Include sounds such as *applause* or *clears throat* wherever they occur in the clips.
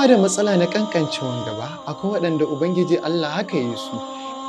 kowa da matsala na kankancewan gaba, akwai waɗanda Ubangiji Allah haka yi su,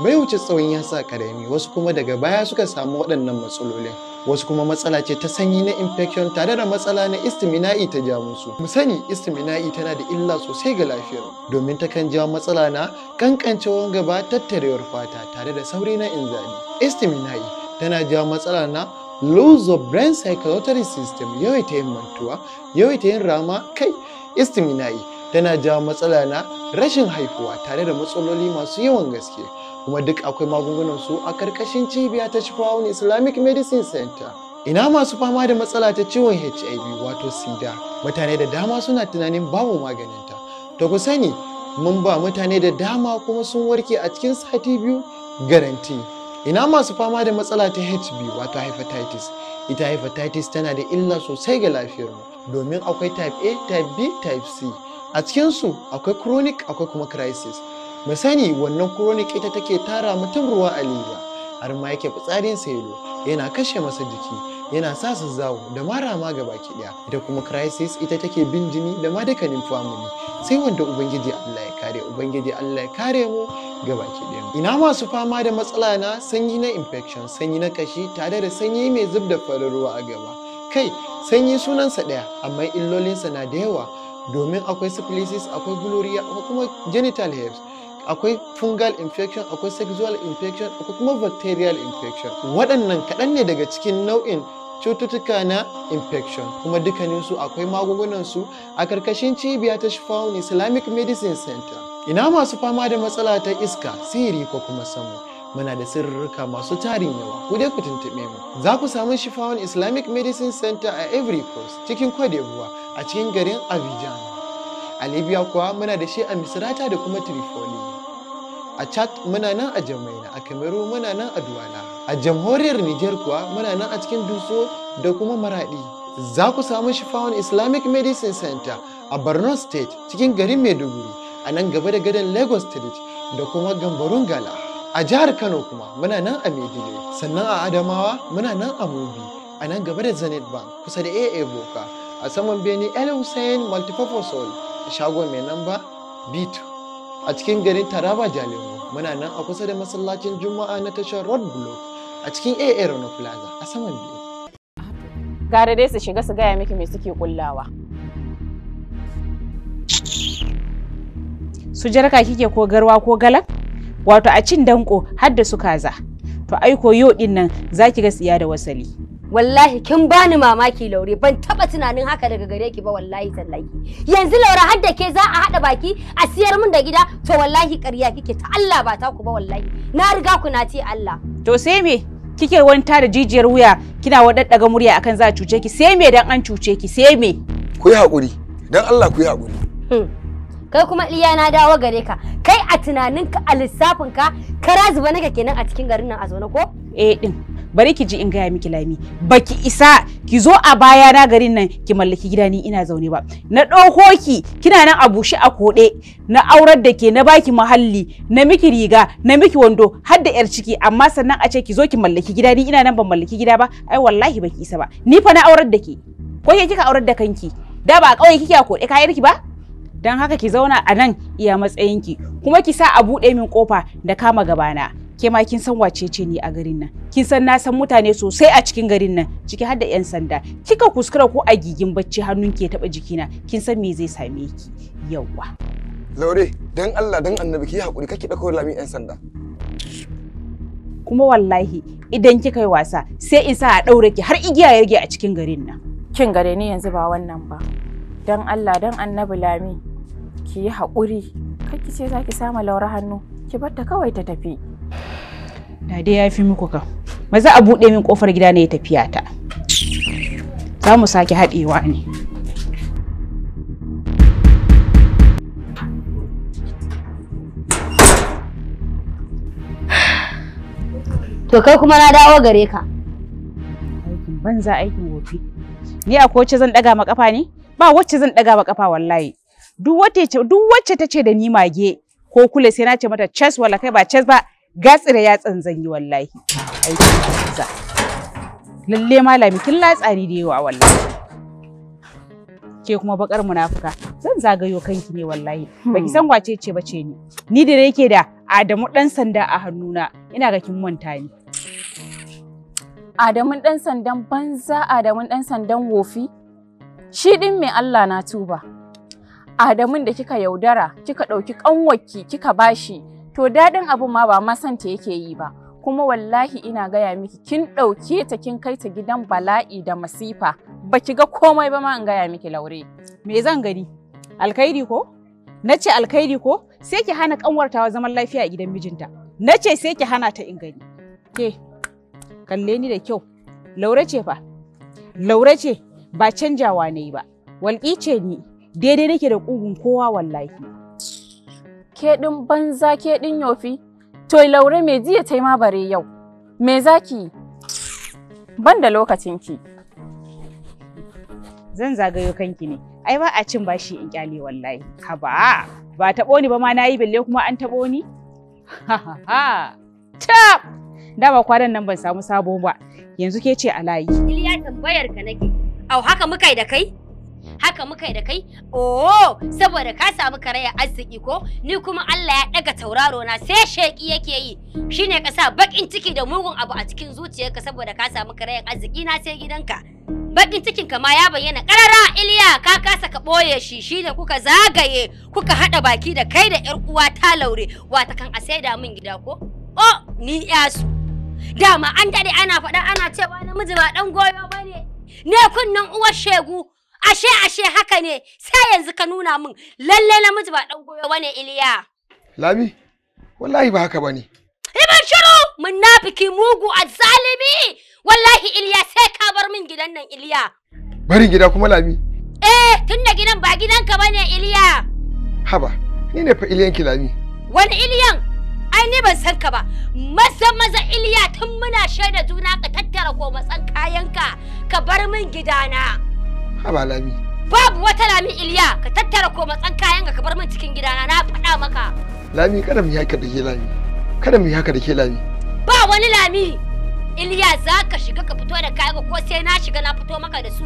bai wuce tsawon ya sa ƙarami, wasu kuma daga baya suka samu waɗannan matsalolin. Wasu kuma matsala ce ta sanyi na infection tare da matsala na istimina'i ta ja musu. Mu sani istimina'i tana da illa sosai ga lafiyar domin ta kan jawo matsala na kankancewan gaba tattarewar fata tare da sauri na inzali. Istimina'i tana jawo matsala na lose of brain circulatory system yawaita yin mantuwa yawaita yin rama kai istimina'i tana jawo matsala na rashin haifuwa tare da matsaloli masu yawan gaske kuma duk akwai magungunan su a karkashin cibiya ta Shifawun Islamic Medicine Center. Ina masu fama da matsala ta ciwon HIV wato sida mutane da dama suna tunanin babu maganinta. To ku sani mun ba mutane da dama kuma sun warke a cikin sati biyu garanti. Ina masu fama da matsala ta HB wato hepatitis. Ita hepatitis tana da illa sosai ga lafiyarmu domin akwai type A, type B, type C. a cikinsu akwai chronic akwai kuma crisis mu sani wannan chronic ita take tara mutum ruwa a liba har ma yake fitsarin sailo yana kashe masa jiki yana sa su zawo da mara ma gaba ki daya ita kuma crisis ita take bin jini da ma dukkanin family sai wanda ubangiji Allah ya kare ubangiji Allah ya kare mu gaba ki daya ina masu fama da matsala na sanyi na infection sanyi na kashi tare da sanyi mai zub da farin ruwa a gaba kai sanyi sunansa ɗaya amma illolinsa na da yawa domin akwai syphilis akwai gonorrhea akwai kuma genital herpes akwai fungal infection akwai sexual infection akwai kuma bacterial infection waɗannan kaɗan ne daga cikin nau'in cututtuka na infection kuma dukkaninsu akwai magungunan su a karkashin cibiya ta shifawun islamic medicine center ina masu fama da matsala ta iska sihiri ko kuma samu muna da sirrika masu tarin yawa ku dai ku tuntuɓe mu za ku samu shifawun islamic medicine center a every coast cikin cote a cikin garin Abidjan. A Libya kuwa muna da shi a Misrata da kuma Tripoli. A Chad muna nan a Jamaina, a Cameroon muna nan a Duwala. A jamhuriyar Niger kuwa muna nan a cikin Duso da kuma Maradi. Za ku samu fawon Islamic Medicine Center a Borno State cikin garin Maiduguri a nan gaba da gadon Lagos Street da kuma Gambarun Gala. A jihar Kano kuma muna nan a Maiduguri, sannan a Adamawa muna nan a Mobi, a nan gaba da Zenith Bank kusa da AA Boka. a saman bene el hussein multipurpose hall shagon mai namba b2 a cikin garin taraba jalibu muna nan a kusa da masallacin juma'a na tashar road block a cikin aa na plaza a saman bene gara dai su shiga su gaya miki mai suke kullawa su jarka kike ko garwa ko galan wato a cin danko har da su kaza to aiko yau din nan zaki ga tsiya da wasali wallahi kin bani mamaki laure ban taba tunanin haka daga gare ki ba wallahi tallahi yanzu laure har da ke za a hada baki a siyar min da gida to wallahi ƙarya kike ta Allah ba ta ku ba wallahi na riga ku na ce Allah to sai me kike wanta da jijiyar wuya kina wadaddaga murya akan za a cuce ki sai me dan an cuce ki sai me ku yi hakuri dan Allah ku yi hakuri hmm. kai kuma iya na dawo gare ka kai a tunaninka a lissafinka ka zuba naka kenan a cikin garin nan a zaune ko eh din bari ki ji in gaya miki lami baki isa ki zo a baya na garin nan ki mallaki gida ni ina zaune ba na ɗauko ki kina nan a bushe a koɗe na aurar da ke na baki muhalli na miki riga na miki wando har da yar ciki amma sannan a ce ki zo ki mallaki gida ni ina nan ban mallaki gida ba ai wallahi baki isa ba ni fa na aurar da ke ko ke kika aurar da kanki da ba kauye kike a koɗe kayar ba don haka ki zauna a nan iya matsayinki kuma ki sa a buɗe min kofa da kama gabana ke ma kin san wacece ni a garin nan kin san na san mutane sosai a cikin garin nan ciki har da yan sanda kika kuskura ko a gigin bacci hannun ke taba jikina kin san me zai same ki yawa laure dan Allah dan annabi ki hakuri kake dauko lami yan sanda kuma wallahi idan kika yi wasa sai in sa a daure ki har igiya ya rage a cikin garin nan kin gare ni yanzu ba wannan ba dan Allah dan annabi lami ki yi haƙuri ki ce za ki sama laura hannu ki barta kawai ta tafi da dai ya fi muku kan maza a buɗe min ƙofar gida ne ya tafiya ta za mu sake haɗewa ne to kai kuma na dawo gare ka aikin banza aikin gobe ni a ko wacce zan daga ma ƙafa ne ba wacce zan daga ma ƙafa wallahi duk wacce ta ce da ni mage ko kule sai na ce mata chess wala kai ba chess ba gatsira ya tsanzanyi wallahi lalle malami kin latsari da yawa wallahi ke kuma bakar munafuka zan zagayo kanki ne wallahi Ba ki san wace ce bace ni ni da nake da Adamu dan sanda a hannuna ina ga kin manta ni Adamu dan sandan banza adamu dan sandan wofi shi din mai Allah na tuba Adamun da kika yaudara, kika ɗauki ƙanwarki kika bashi, to daɗin abin ma ba ma santa yake yi ba. Kuma wallahi ina gaya miki kin ɗauke ta kin kai ta gidan bala'i da masifa, baki ga komai ba ma in gaya miki laure. Me zan gani? Alkhairi ko? Na ce alkhairi ko? Sai ki hana ƙanwartawa zaman lafiya a gidan mijinta. Na ce sai ki hana ta in gani. Ke, kalle ni da kyau. Laure ce fa. Laure ce ba canjawa ne ba. Walƙi ce ni. daidai nake da ƙugun kowa wallahi ke ɗin banza ke ɗin yofi to laure me jiya ta ma bare yau me zaki ban da lokacinki zan zagayo kanki ne ai ba a cin bashi in kyale wallahi haba ba taɓo ni ba ma nayi balle kuma an taɓo ni ha ha ha tab Da ba nan ban samu sabo ba yanzu ke ce a layi iliya tambayar ka nake au haka muka yi da kai haka muka yi da kai oh saboda ka samu karaya arziki ko ni kuma Allah ya daga tauraro na sai sheki yake yi shine ka sa bakin ciki da mugun abu a cikin zuciyarka saboda ka samu karayan arziki na sai gidanka bakin cikin ka ma ya bayyana karara Iliya ka kasa ka boye shi shine kuka zagaye kuka hada baki da kai da yar uwa ta laure wata kan a da min gida ko oh ni yasu dama an dade ana faɗa ana cewa namiji ba dan goyo bane ne kunnen uwar shegu ashe ashe haka ne sai yanzu ka nuna min lalle namiji ba dan goyo bane Iliya Lami wallahi ba haka bane Iban shiru munafiki mugu azzalimi wallahi Iliya sai ka bar min gidan nan Iliya Bari gida kuma Lami Eh tunda gidan ba gidanka bane Iliya Haba ni ne fa Iliyan ki Lami Wani Iliyan ai ni ban san ka ba maza maza Iliya tun muna shaida juna ka tattara ko matsan kayanka ka bar min gidana Haba Lami. Babu wata Lami Iliya ka tattara ko matsan kayan ka bar min cikin gidana na faɗa maka. Lami kada mu yi haka da ke Lami. Kada mu yi haka da ke Lami. Ba wani Lami. Iliya za ka shiga ka fito da kayan ko sai na shiga na fito maka da su.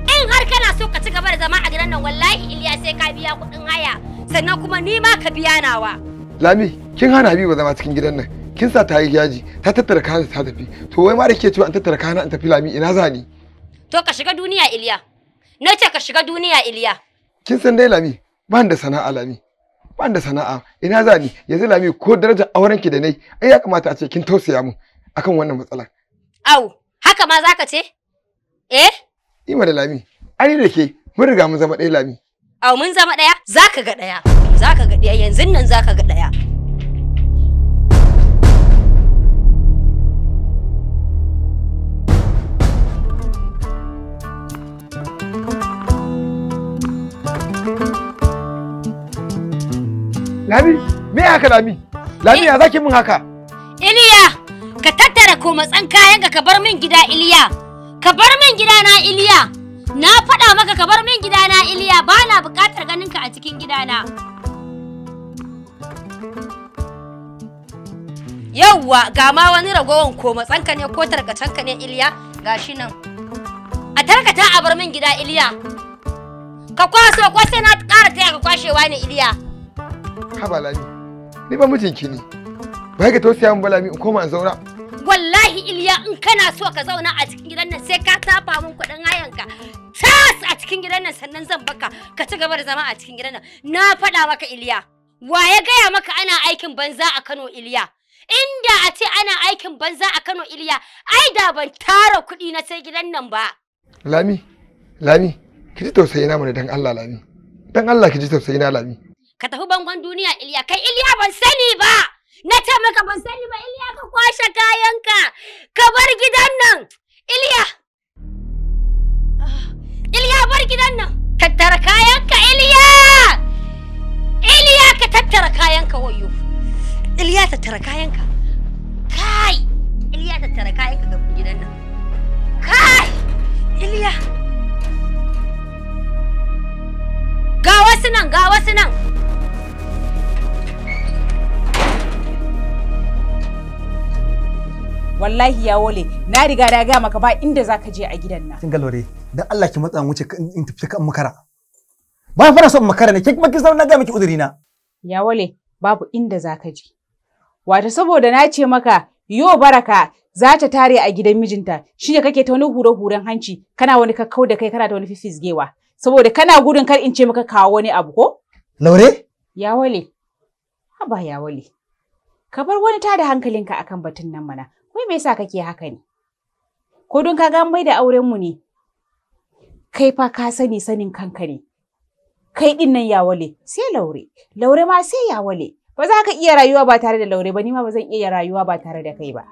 In har kana so ka ci gaba da zama a gidan nan wallahi Iliya sai ka biya kuɗin haya sannan kuma ni ma ka biya nawa. Lami kin hana ba zama cikin gidan nan. kin sa ta yi yaji ta tattara kayan ta tafi to wai ma da ke cewa an tattara kayan an tafi lami ina zani to ka shiga duniya Iliya Na ce ka shiga duniya Iliya. Kin san dai Lami, ba da sana'a Lami. Ba da sana'a, ina za ni? Yanzu Lami ko darajar auren ki da nai, ai ya kamata a ce kin tausaya mu akan wannan matsalar. Au, haka ma zaka ce? Eh? Ima da Lami, ai da ke mun riga mun zama ɗaya Lami. Au mun zama ɗaya, zaka ga ɗaya. Zaka ga ɗaya yanzu nan zaka ga ɗaya. Lami, me haka Lami? Lami eh. ya zaki min haka? Iliya, ka tattara matsan kayan ka bar min gida Iliya. Ka bar min gida na Iliya. Na faɗa maka ka bar min gida na Iliya, ba na buƙatar ganin ka a cikin gida na. Yawwa, ga ma wani ragowan ka ne ko ka ne Iliya, gashi nan. A tarkata a bar min gida Iliya. Ka kwaso ko sai na ƙara taya ka kwashewa ne Iliya. haba lami ni ba mijinki ne ba ka tausaya min ba lami in koma in zauna wallahi iliya in kana so ka zauna a cikin gidan nan sai ka tafa min kuɗin hayanka tas a cikin gidan nan sannan zan baka ka ci gaba da zama a cikin gidan nan na faɗa maka iliya wa ya gaya maka ana aikin banza a kano iliya inda a ce ana aikin banza a Kano Iliya ai da ban tara kuɗi na sai gidan nan ba. Lami, Lami, ki ji tausayi na mana dan Allah Lami. Dan Allah ki ji tausayi na Lami. ka tafi bangon duniya Iliya kai Iliya ban sani ba na ce maka ban sani ba Iliya ka kwashe kayanka ka bar gidan nan Iliya Iliya bar gidan nan tattara kayanka Iliya Iliya ka tattara kayanka wayo Iliya tattara kayanka kai Iliya tattara kayanka ga gidan nan kai Iliya ga wasu nan ga wasu nan wallahi ya wale na riga da ga maka ba inda zaka je a gidan nan kin galore dan Allah ki matsa wuce in tafi kan makara ba fara son makara ne Ke ba kin na ga miki uzuri na ya wale babu inda zaka je wato saboda na ce maka yo baraka za ta tare a gidan mijinta shi ne kake ta wani hure-huren hanci kana wani kakkau da kai kana ta wani fifizgewa saboda kana gudun kar in ce maka kawo wani abu ko laure ya wale haba ya wale ka bar wani tada hankalinka akan batun nan mana wai me yasa kake haka ne? Ko don ka ga mai da auren mu ne? Kai fa ka sani sanin kanka ne. Kai din nan ya wale, sai laure, laure ma sai ya wale. Ba za ka iya rayuwa ba tare da laure ba, ni ma ba zan iya rayuwa ba tare da kai ba.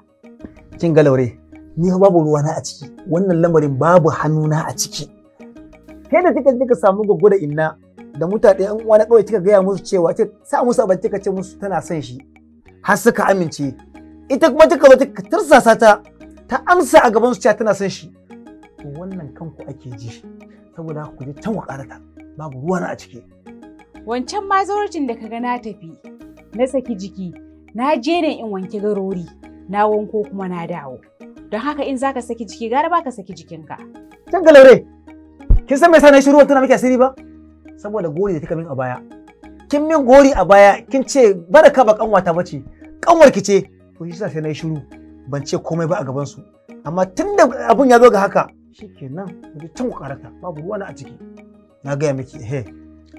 Kin ga laure, ni fa babu na a ciki, wannan lamarin babu hannu na a ciki. Kai da kika kika samu gaggo da inna da mutane yan uwa na kawai kika gaya musu cewa kika sa musu abin kika ce musu tana son shi. Har suka amince ita kuma ta zo ta tirsasa ta ta amsa a gaban su cewa tana son shi to wannan kanku ake ji saboda ku je can ta babu ruwa a ciki wancan ma zaurucin da kaga na tafi na saki jiki na je ne in wanke garori na wanko kuma na dawo don haka in zaka saki jiki gara baka saki jikinka can galaure kin san me yasa na shiru tana miki asiri ba saboda gori da kika min a baya kin min gori a baya kin ce baraka ba kanwata bace kanwar ki ce to shi sai na yi shiru ban ce komai ba a gaban su amma tun da abin ya zo ga haka shikenan mu can ku karata babu ruwa na a ciki na gaya miki he eh.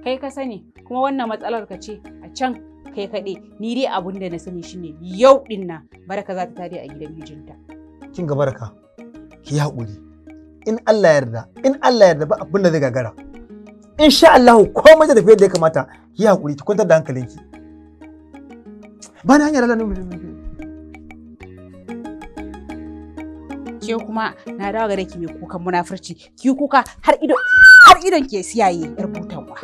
kai ka sani kuma wannan matsalar ka ce a can kai kaɗai ni dai abun da na sani shine yau din na baraka za ta tare a gidan mijinta kin ga baraka ki haƙuri in Allah yarda in Allah yarda ba abun da zai gagara insha Allah komai da tafiya da ya kamata ki haƙuri ki kwantar da hankalinki ba na hanyar Allah ne ke kuma na dawo gare ki mai kukan munafurci ki kuka har ido har idon ke siyaye yar butanwa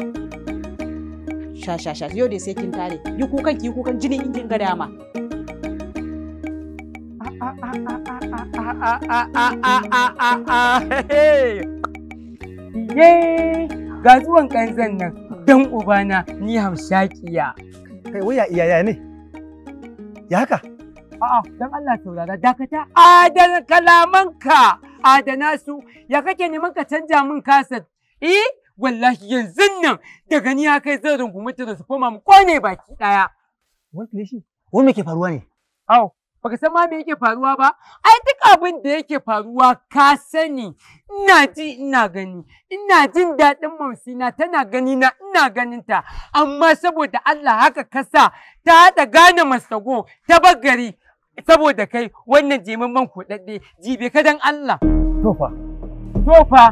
sha sha sha yau dai sai kin tare yi kukan ki kukan jini in kin ga dama Ye ga zuwan kanzan nan dan ubana ni hamshakiya kai waya iyaya ne ya haka A'a, don Allah saurara dakata adana kalamanka adana su ya kake neman ka canja min kasar. Eh, wallahi yanzu nan da gani ya kai zan rungumi transformer mu kone baki daya. Wani shi, Wani me ke faruwa ne? Au, baka san ma me yake faruwa ba? Ai duk abin da yake faruwa ka sani. Ina ji ina gani, ina jin daɗin mamsina tana gani na ina ganinta. amma saboda Allah haka kasa ta haɗa gane masago ta bagari saboda kai wannan jemin man kuɗaɗɗe jibe ka dan Allah. Tofa. Tofa.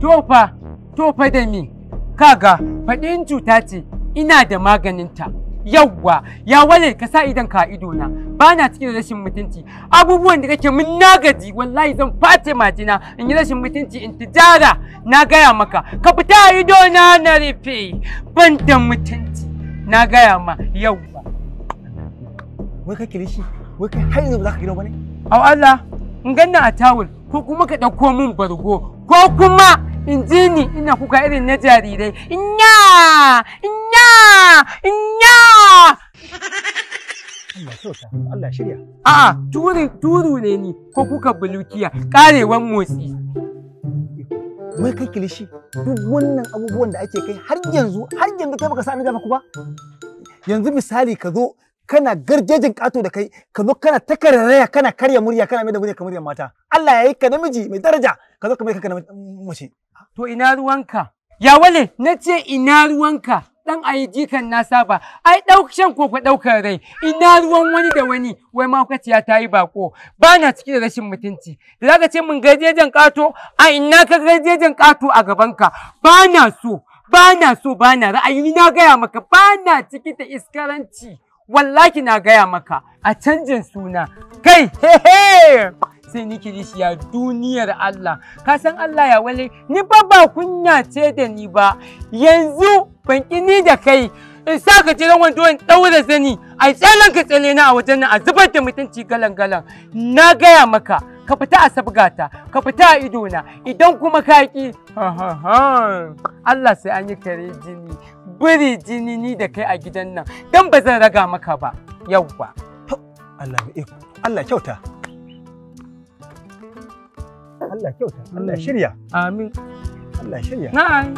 Tofa. Tofa da mi. Kaga faɗin cuta ce ina da maganinta. Yawwa ya wale ka sa idan ka ido na ba na cikin rashin mutunci abubuwan da kake mun nagaji wallahi zan face majina in yi rashin mutunci in tijara na gaya maka ka fita a ido na na rufe ban da mutunci na gaya ma yawwa. Wai kake rishi? wai kai har yanzu ba za ka gina ba ne au Allah in ganna a tawul ko kuma ka ɗauko min bargo ko kuma in ji ni ina kuka irin na jarirai inya inya inya Allah shirya. A'a, turu ne ni ko kuka bulukiya karewan motsi. wai kai kilishi duk wannan abubuwan da ake kai har yanzu har yanzu kai baka sa ni gaba ku ba yanzu misali ka zo kana garjejin kato da kai ka zo kana ta kana karya murya kana mai da murya kamar mata Allah ya yi ka namiji mai daraja ka zo ka mai ka mace to ina ruwanka ya wale na ce ina ruwanka dan ayi jikan na saba ai daukan ko fa daukar rai ina ruwan wani da wani wai ma kwaciya ta yi bako bana cikin rashin mutunci da zaka ce mun garjejin kato a ina ka garjejin kato a gabanka bana so bana so bana ra'ayi na gaya maka bana ciki ta iskaranci Wallaki na gaya maka a canjin suna kai hehe sai ni ya duniyar Allah ka san Allah ya wale ni ba ba kunya ce da ni ba yanzu ban ni da kai in sa ka jiran wando in daura zani a tsalan ka tsale na a wajen nan a zubar da mutunci galan galan na gaya maka ka fita a sabgata ka fita a idona idan kuma ka ki ha-ha-ha. Allah sai an yi kare jini biri jini ni da kai a gidan nan dan ba zan raga maka ba yauwa Allah mai iko Allah kyauta Allah kyauta Allah shirya amin Allah shirya nai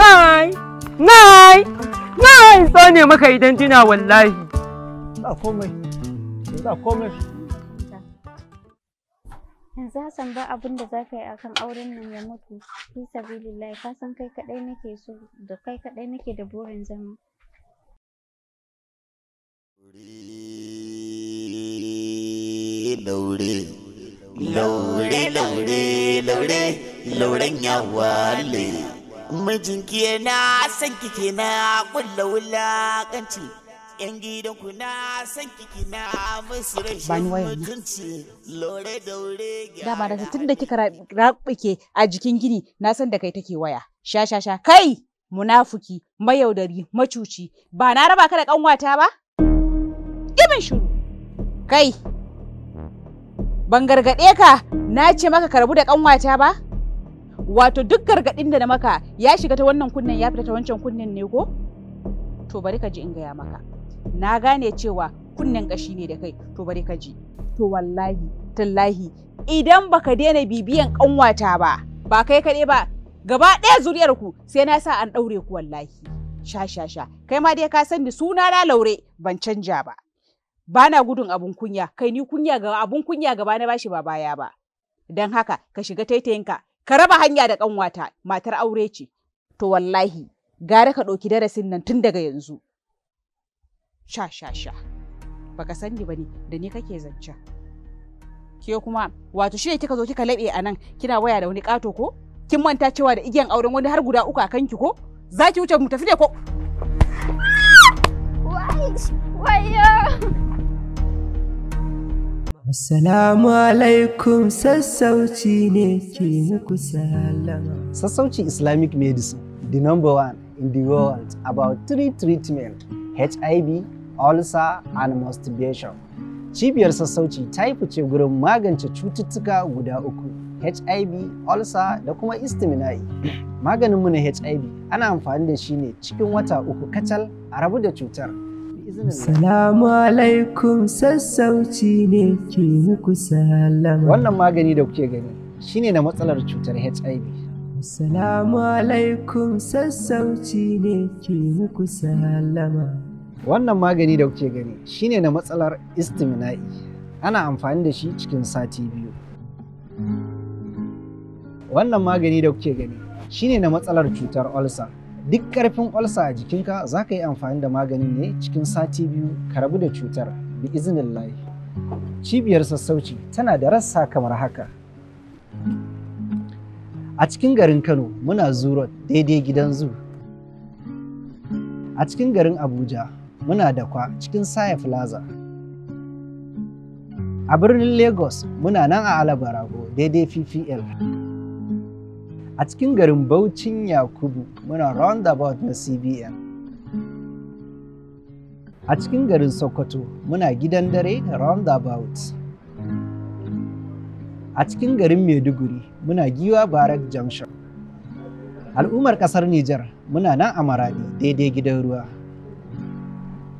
nai nai nai so ne maka idan tuna wallahi ba komai ba komai yanzu Hassan ba abin da za ka yi akan auren nan ya mutu fi sabilillahi ka san kai kaɗai nake so da kai kaɗai nake da burin zama laure laure laure laure lauren ya wale mijinki yana son kike na kulla wulakanci yan gidan ku na san kiki na musu rashin mutunci lore daure ga dama da tun da kika rabuke a jikin gini na san da kai take waya sha sha sha kai munafuki mayaudari macuci ba na raba ka da kanwata ba kimin shiru kai ban gargaɗe ka na ce maka karbu da kanwata ba wato duk gargaɗin da na maka ya shiga ta wannan kunnen ya fita ta wancan kunnen ne ko to bari ka ji in gaya maka na gane cewa kunnen ƙashi ne da kai to bari ka ji to wallahi tallahi idan baka daina bibiyan ƙanwata ba ba kai kaɗai ba gaba ɗaya zuriyar ku sai na sa an ɗaure ku wallahi sha sha sha kai ma dai ka san ni suna na laure ban canja ba ba na gudun abun kunya kai ni kunya ga abun kunya gaba na bashi ba baya ba dan haka ka shiga taitayinka ka raba hanya da ƙanwata matar aure ce to wallahi gara ka ɗauki darasin nan tun daga yanzu sha sha sha baka sani bane da ni kake zance ke kuma wato shi kika zo kika laɓe a nan kina waya da wani ƙato ko kin manta cewa da igiyan auren wani har guda uku a kanki ko za ki wuce mu tafi ne ko Assalamu alaikum sassauci ne ke muku salama. Sassauci Islamic medicine, the number one in the world about three treatments HIV, ulcer and masturbation. Cibiyar sassauci ta yi fice gurin magance cututtuka guda uku, HIV, ulcer da kuma istimina'i. *clears throat* Maganinmu na HIV ana amfani da shi ne cikin wata uku kacal a rabu da cutar. Salamu alaikum sassauci ne ke muku salama. Wannan magani da kuke gani shine na matsalar cutar HIV. Salamu alaikum sassauci ne ke muku salama. Wannan magani da kuke gani shine na matsalar istimina'i. Ana amfani da shi cikin sati biyu. Wannan magani da kuke gani shine na matsalar cutar olsa. Duk ƙarfin olsa a jikinka za ka yi amfani da maganin ne cikin sati biyu ka rabu da cutar bi izinin layi. Cibiyar sassauci tana da rassa kamar haka. A cikin garin Kano muna zuro daidai gidan zu. A cikin garin Abuja muna da kwa cikin Saya Plaza. A birnin Lagos muna nan a Alabarago daidai PPL. A cikin garin Baucin Yakubu muna roundabout na CBN. A cikin garin Sokoto muna gidan dare roundabout. a cikin garin Maiduguri muna giwa Barak Junction. Al'ummar ƙasar Nijar muna nan a Maradi daidai gidan ruwa.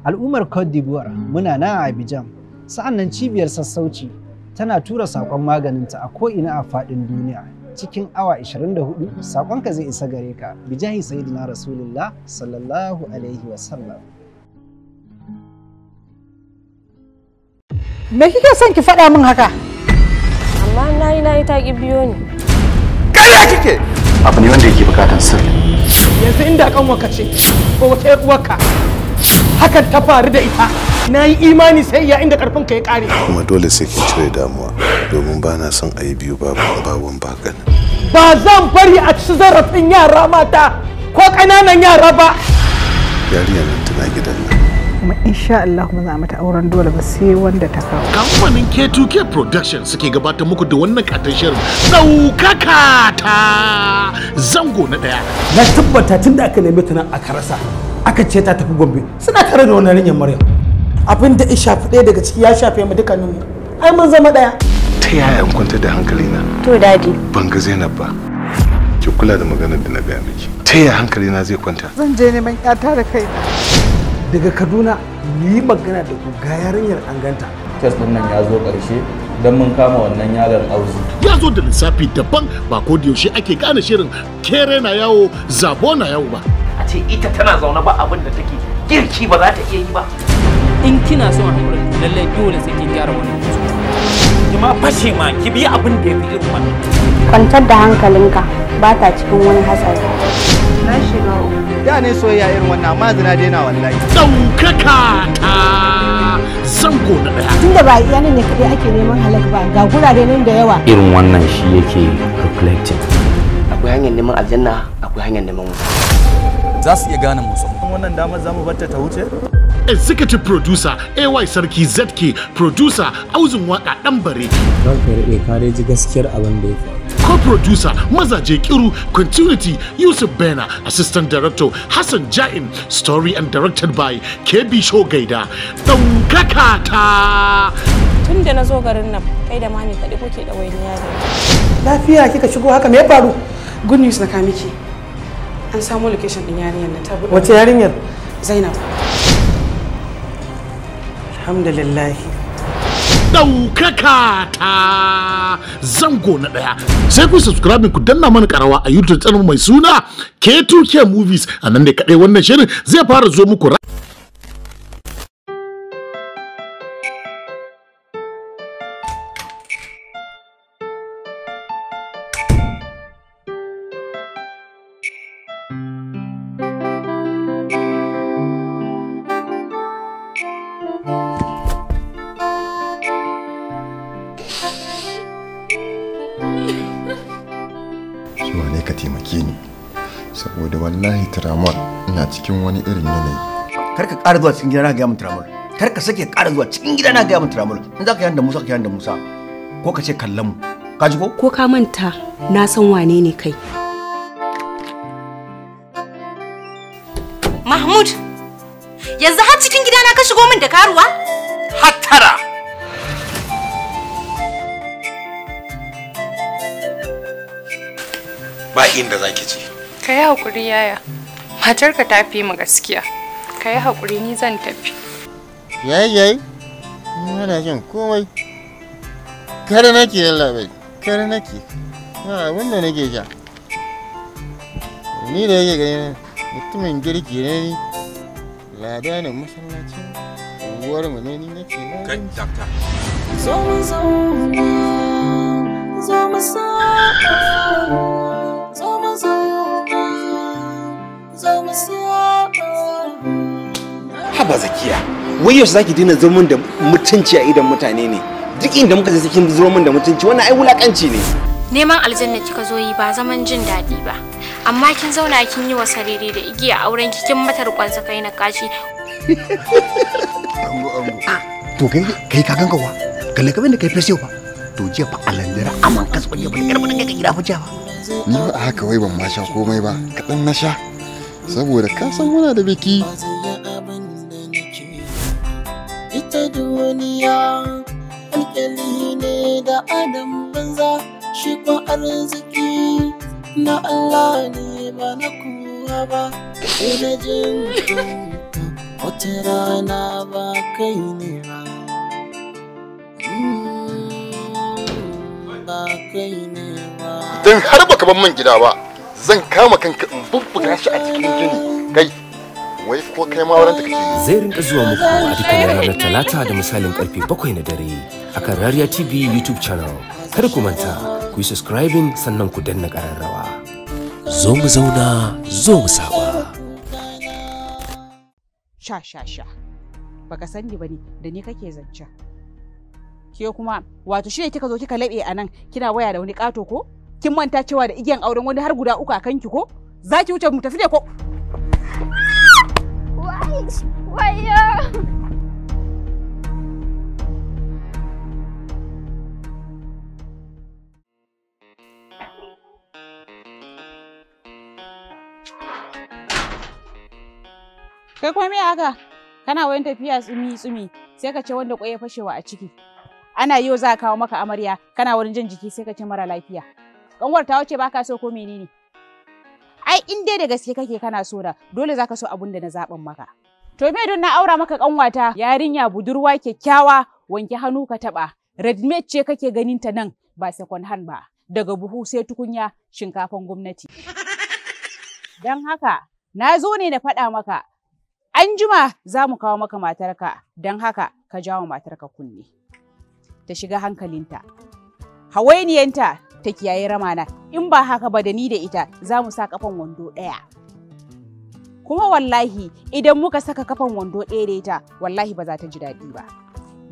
al'ummar cote d'ivoire hmm. muna na abidjan sa'an nan cibiyar sassauci tana tura saƙon maganinta a ko'ina a faɗin duniya cikin awa 24 saƙonka zai isa gare ka bijahi sayyidina rasulullah sallallahu alaihi wasallam me kike son ki faɗa min haka amma na yi na yi ta biyo ni ƙarya kike abu ne wanda yake bukatan sirri yanzu inda kanwa ka ce ko wata uwarka hakan ta faru da ita na yi imani sai ya inda karfin ka ya kare kuma dole sai kin cire damuwa domin ba na son a yi biyu babban bakan ba zan bari a ci zarafin yara mata ko ƙananan yara ba yariya nan tana gidan nan kuma insha Allah mu za mata auren dole ba sai wanda ta kawo kamfanin K2K Production suke gabatar muku da wannan katon shirin ɗaukaka ta zango na ɗaya na tabbata tun da aka neme ta nan aka rasa aka ce ta tafi gombe suna tare da wannan rinyar maryam abin da ya shafi ɗaya daga ciki ya shafe mu dukkanin mu ai mun zama ɗaya ta yaya an kwanta da hankalina to dadi ban ga zainab ba ki kula da maganar da na gaya miki ta yaya hankalina zai kwanta zan je neman ƴata da kai daga kaduna ni magana da ku ga yarinyar an ganta test din nan ya zo ƙarshe don mun kama wannan yaron auzu ya zo da lissafi daban ba ko da yaushe ake gane shirin kere na yawo zabo na yawo ba ce ita tana zaune ba abin da take girki ba za ta iya yi ba in kina son haƙurin lallai dole sai kin gyara wannan ki ma fashe ma ki bi abin da yafi irin wannan kwantar da hankalinka ba ta cikin wani hatsari na shiga da ne soyayya irin wannan amma zina daina wallahi ɗaukaka ta zango na ɗaya tunda ba iya nan ne kaɗai ake neman halak ba ga gurare nan da yawa irin wannan shi yake reflecting akwai hanyar neman aljanna akwai hanyar neman wuta za su iya gane musu wannan damar zamu batta ta wuce executive producer ay sarki zk producer auzun waka dan bare ranka ya kare ji gaskiyar abin da ya co-producer mazaje kiru continuity yusuf bena assistant director hassan jain story and directed by kb shogaida ɗaukaka tun da na zo garin nan kai da mami kaɗi kuke ɗawainiya da lafiya kika shigo haka me ya faru good news na ka miki an samu location din yarinyar na ta wace yarinyar zainab alhamdulillah ɗaukaka ta zango na ɗaya sai ku subscribe ku danna mana karawa a youtube channel mai suna k2k movies a nan da kaɗai wannan shirin zai fara zo muku cikin wani irin yanayi kar ka ƙara zuwa cikin gida na gaya min tramul kar ka sake ƙara zuwa cikin gida na gaya min tramul in za ka yanda musa ka yanda musa ko ka ce kallon mu ka ji ko ko ka manta na san wane ne kai mahmud yanzu har cikin gida na ka shigo min da karuwa hattara ba inda zaki ce ka yi haƙuri yaya matarka ta fi mu gaskiya ka yi haƙuri ni zan tafi yayi yayi yana jin komai kare nake lallaɓai kare nake Ha, wannan nake ja ni da yake gani mutumin girki ne ni lada ne masallacin uwar mu ne ni nake na kai dakta zo mu zauna zo mu zauna zo mu zauna za haba zakiya wai yaushe zaki dina zurmin da mutunci a idan mutane ne duk inda muka je cikin zurmin da mutunci wannan ai wulakanci ne neman aljanna kika zo yi ba zaman jin daɗi ba amma kin zauna kin yi wa sarere da igiya auren ki kin matar kwansa kai na kashi ango ango to kai kai ka ganka wa kalle kaman da kai fesiyo ba to jiya fa alandira aman kasu ya ba yar mun ga gida fa jiya ba ni ba haka wai ban ma sha komai ba kadan na sha saboda ka san muna da biki ita duniya alƙali ne da adam banza shi ko arziki na Allah ne ba na kowa ba ina jin wata rana ba kai ne ba mm, ba kai ne ba don har baka ban man gida ba zan kama kanka in bubbuga shi a cikin gini kai wai ko kai ma wurin da kake zai rinka zuwa muku a dukkan ranar talata da misalin karfe 7 na dare a akan Rariya TV YouTube channel Kar ku manta ku yi subscribing sannan ku danna kararrawa zo mu zauna zo mu saba sha sha sha baka sani bane da ni kake zance. ke kuma wato shi ne kika zo kika laɓe a nan kina waya da wani ƙato ko kin manta cewa da igiyan auren wani har guda uku a kanki ko za ki wuce mu tafi ne ko Kai kuma me haka? Kana wayan tafiya tsumi tsumi sai ka ce wanda ƙwai ya fashewa a ciki. Ana yau za a kawo maka amarya kana wurin jan jiki sai ka ce mara lafiya. Ƙanwar ta wace baka so ko menene? Ai in dai da gaske kake kana so da dole zaka so abun da na zaɓin maka. To me don na aura maka ƙanwata yarinya budurwa kyakkyawa wanke hannu ka taɓa. Redmate ce kake ganin ta nan ba second hand ba. Daga buhu sai tukunya shinkafan gwamnati. Don haka na zo ne na faɗa maka an jima za mu kawo maka matarka don haka ka jawo matarka kunne. Ta shiga hankalinta. Hawainiyanta ta kiyaye ramana in ba haka ba da ni da ita za mu sa kafan wando ɗaya kuma wallahi idan muka saka kafan wando ɗaya da ita wallahi ba za ta ji daɗi ba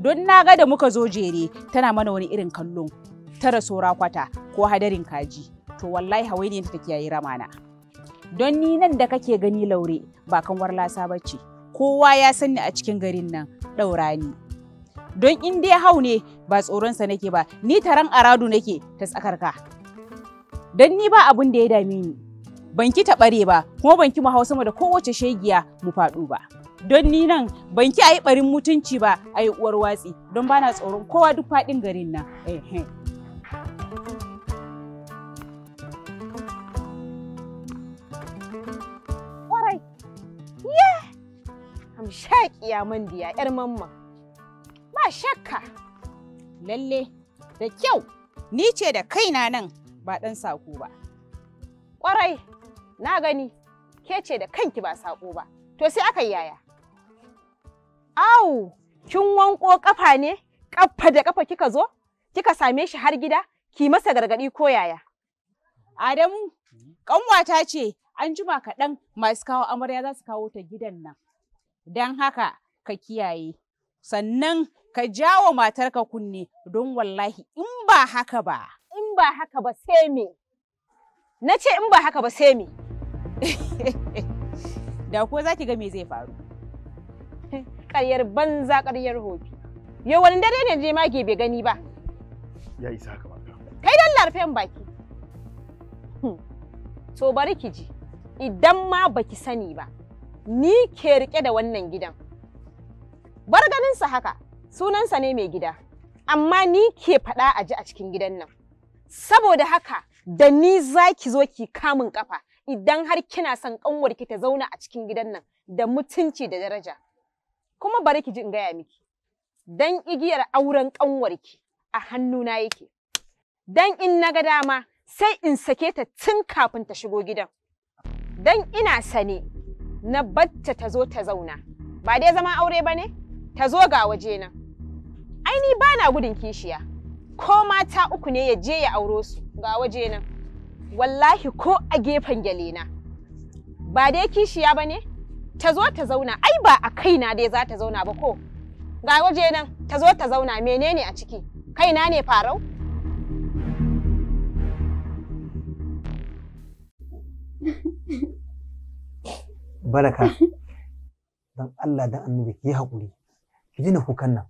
don na ga da muka zo jere tana mana wani irin kallon tara sora kwata ko hadarin kaji to wallahi ne ta kiyaye ramana don ni nan da kake gani laure ba kan warlasa ce. kowa ya sanni a cikin garin nan ɗaura ni. don in dai hau ne ba tsoronsa nake ba ni taron aradu nake ta tsakarka don ni ba abin da ya dame ni ban ki taɓare ba kuma ban ki mu hau sama da kowace shegiya mu faɗu ba don ni nan ban ki barin yi mutunci ba a uwar watsi don bana tsoron kowa duk faɗin garin nan Shaƙiya mandiya 'yar mamman. shakka. Lalle, da kyau, ni ce da kaina nan ba ɗan saƙo ba. Ƙwarai, na gani, ke ce da kanki ba sako ba. To sai aka yaya. Au, kin wanko ƙafa ne, ƙafa da ƙafa kika zo, kika same shi har gida, ki masa gargaɗi ko yaya. Adamu, ƙanwata ce, an jima kaɗan masu kawo amarya za su kawo ta gidan nan. Don haka, ka kiyaye. sannan ka jawo matarka kunne don wallahi in ba haka ba. In ba haka ba sai me? Na ce in ba haka ba sai me? *laughs* da ko za ki ga me zai faru. Karyar banza karyar hobi. Yau wani dare ne je mage bai gani ba. Ya isa haka ba. Kai dan larfen baki. Hmm. To bari ki ji. Idan ma baki sani ba, ni ke rike da wannan gidan. bar ganinsa haka sunansa ne mai gida amma ni ke faɗa a ji a cikin gidan nan saboda haka da ni za ki zo ki kamun kafa idan har kina son ƙanwarki ta zauna a cikin gidan nan da mutunci da daraja kuma bari ki ji in gaya miki dan igiyar auren ƙanwarki a hannuna yake dan in na ga dama sai in sake ta tun kafin ta shigo gidan dan ina sane na batta ta zo ta zauna ba dai zama aure bane. ta zo ga waje na. Ai ni ba na gudun kishiya, ko mata uku ne ya je ya auro su ga waje na. Wallahi ko a gefen na, Ba dai kishiya ba ne? Ta zo ta zauna, ai ba a kaina dai za ta zauna ba ko? Ga waje nan, ta zo ta zauna menene a ciki? Kaina ne farau? Baraka, don Allah don annabi ki haƙuri. ki daina kukan nan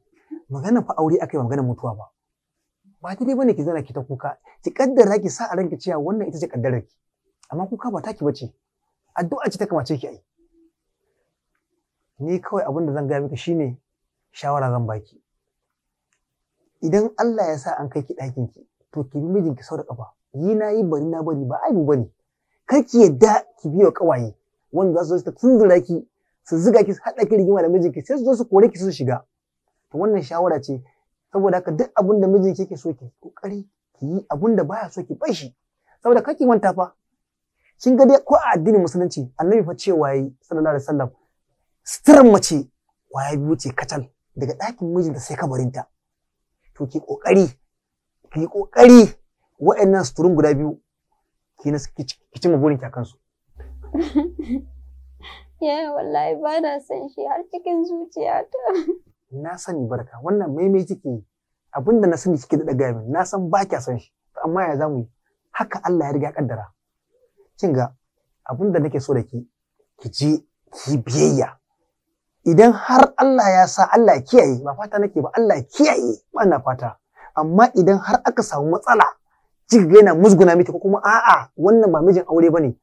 magana fa aure akai magana mutuwa ba ba daidai bane ki zana ki ta kuka ki kaddara ki sa a ranki cewa wannan ita ce kaddara ki amma kuka ba taki bace addu'a ce ta kamace ki ai ni kawai abin da zan gaya miki shine shawara zan baki idan Allah ya sa an kai ki ɗakin ki to ki bi mijinki sau da ƙafa yi na yi bari na bari ba aibu bane kar ki yadda ki biyo kawaye wanda za su zo ta tunzura ki su ziga ki su haɗa ki rigima da mijinki sai su zo su kore ki su shiga to wannan shawara ce saboda haka duk abin da mijinki yake so ki kokari ki yi abin da baya so ki bar shi saboda kake manta fa kin ga dai ko a addinin musulunci annabi fa cewa yi sallallahu alaihi wasallam sitirin mace kwaya biyu ce kacal daga ɗakin mijinta sai kabarinta to ki kokari ki kokari wa'annan suturun guda biyu ki na ki cimma burin ki kansu *laughs* Ya wallahi ba na son shi har cikin zuciyata. Na sani barka wannan maimai kike abin da na sani kike da gaya na san ba kya son shi amma ya zamu yi haka Allah ya riga kaddara. Kin ga abin da nake so da ki ki je ki biyayya idan har Allah ya sa Allah kiyaye ba fata nake ba Allah kiyaye ba na fata amma idan har aka samu matsala kika ga yana musguna miki ko kuma a'a wannan ba mijin aure bane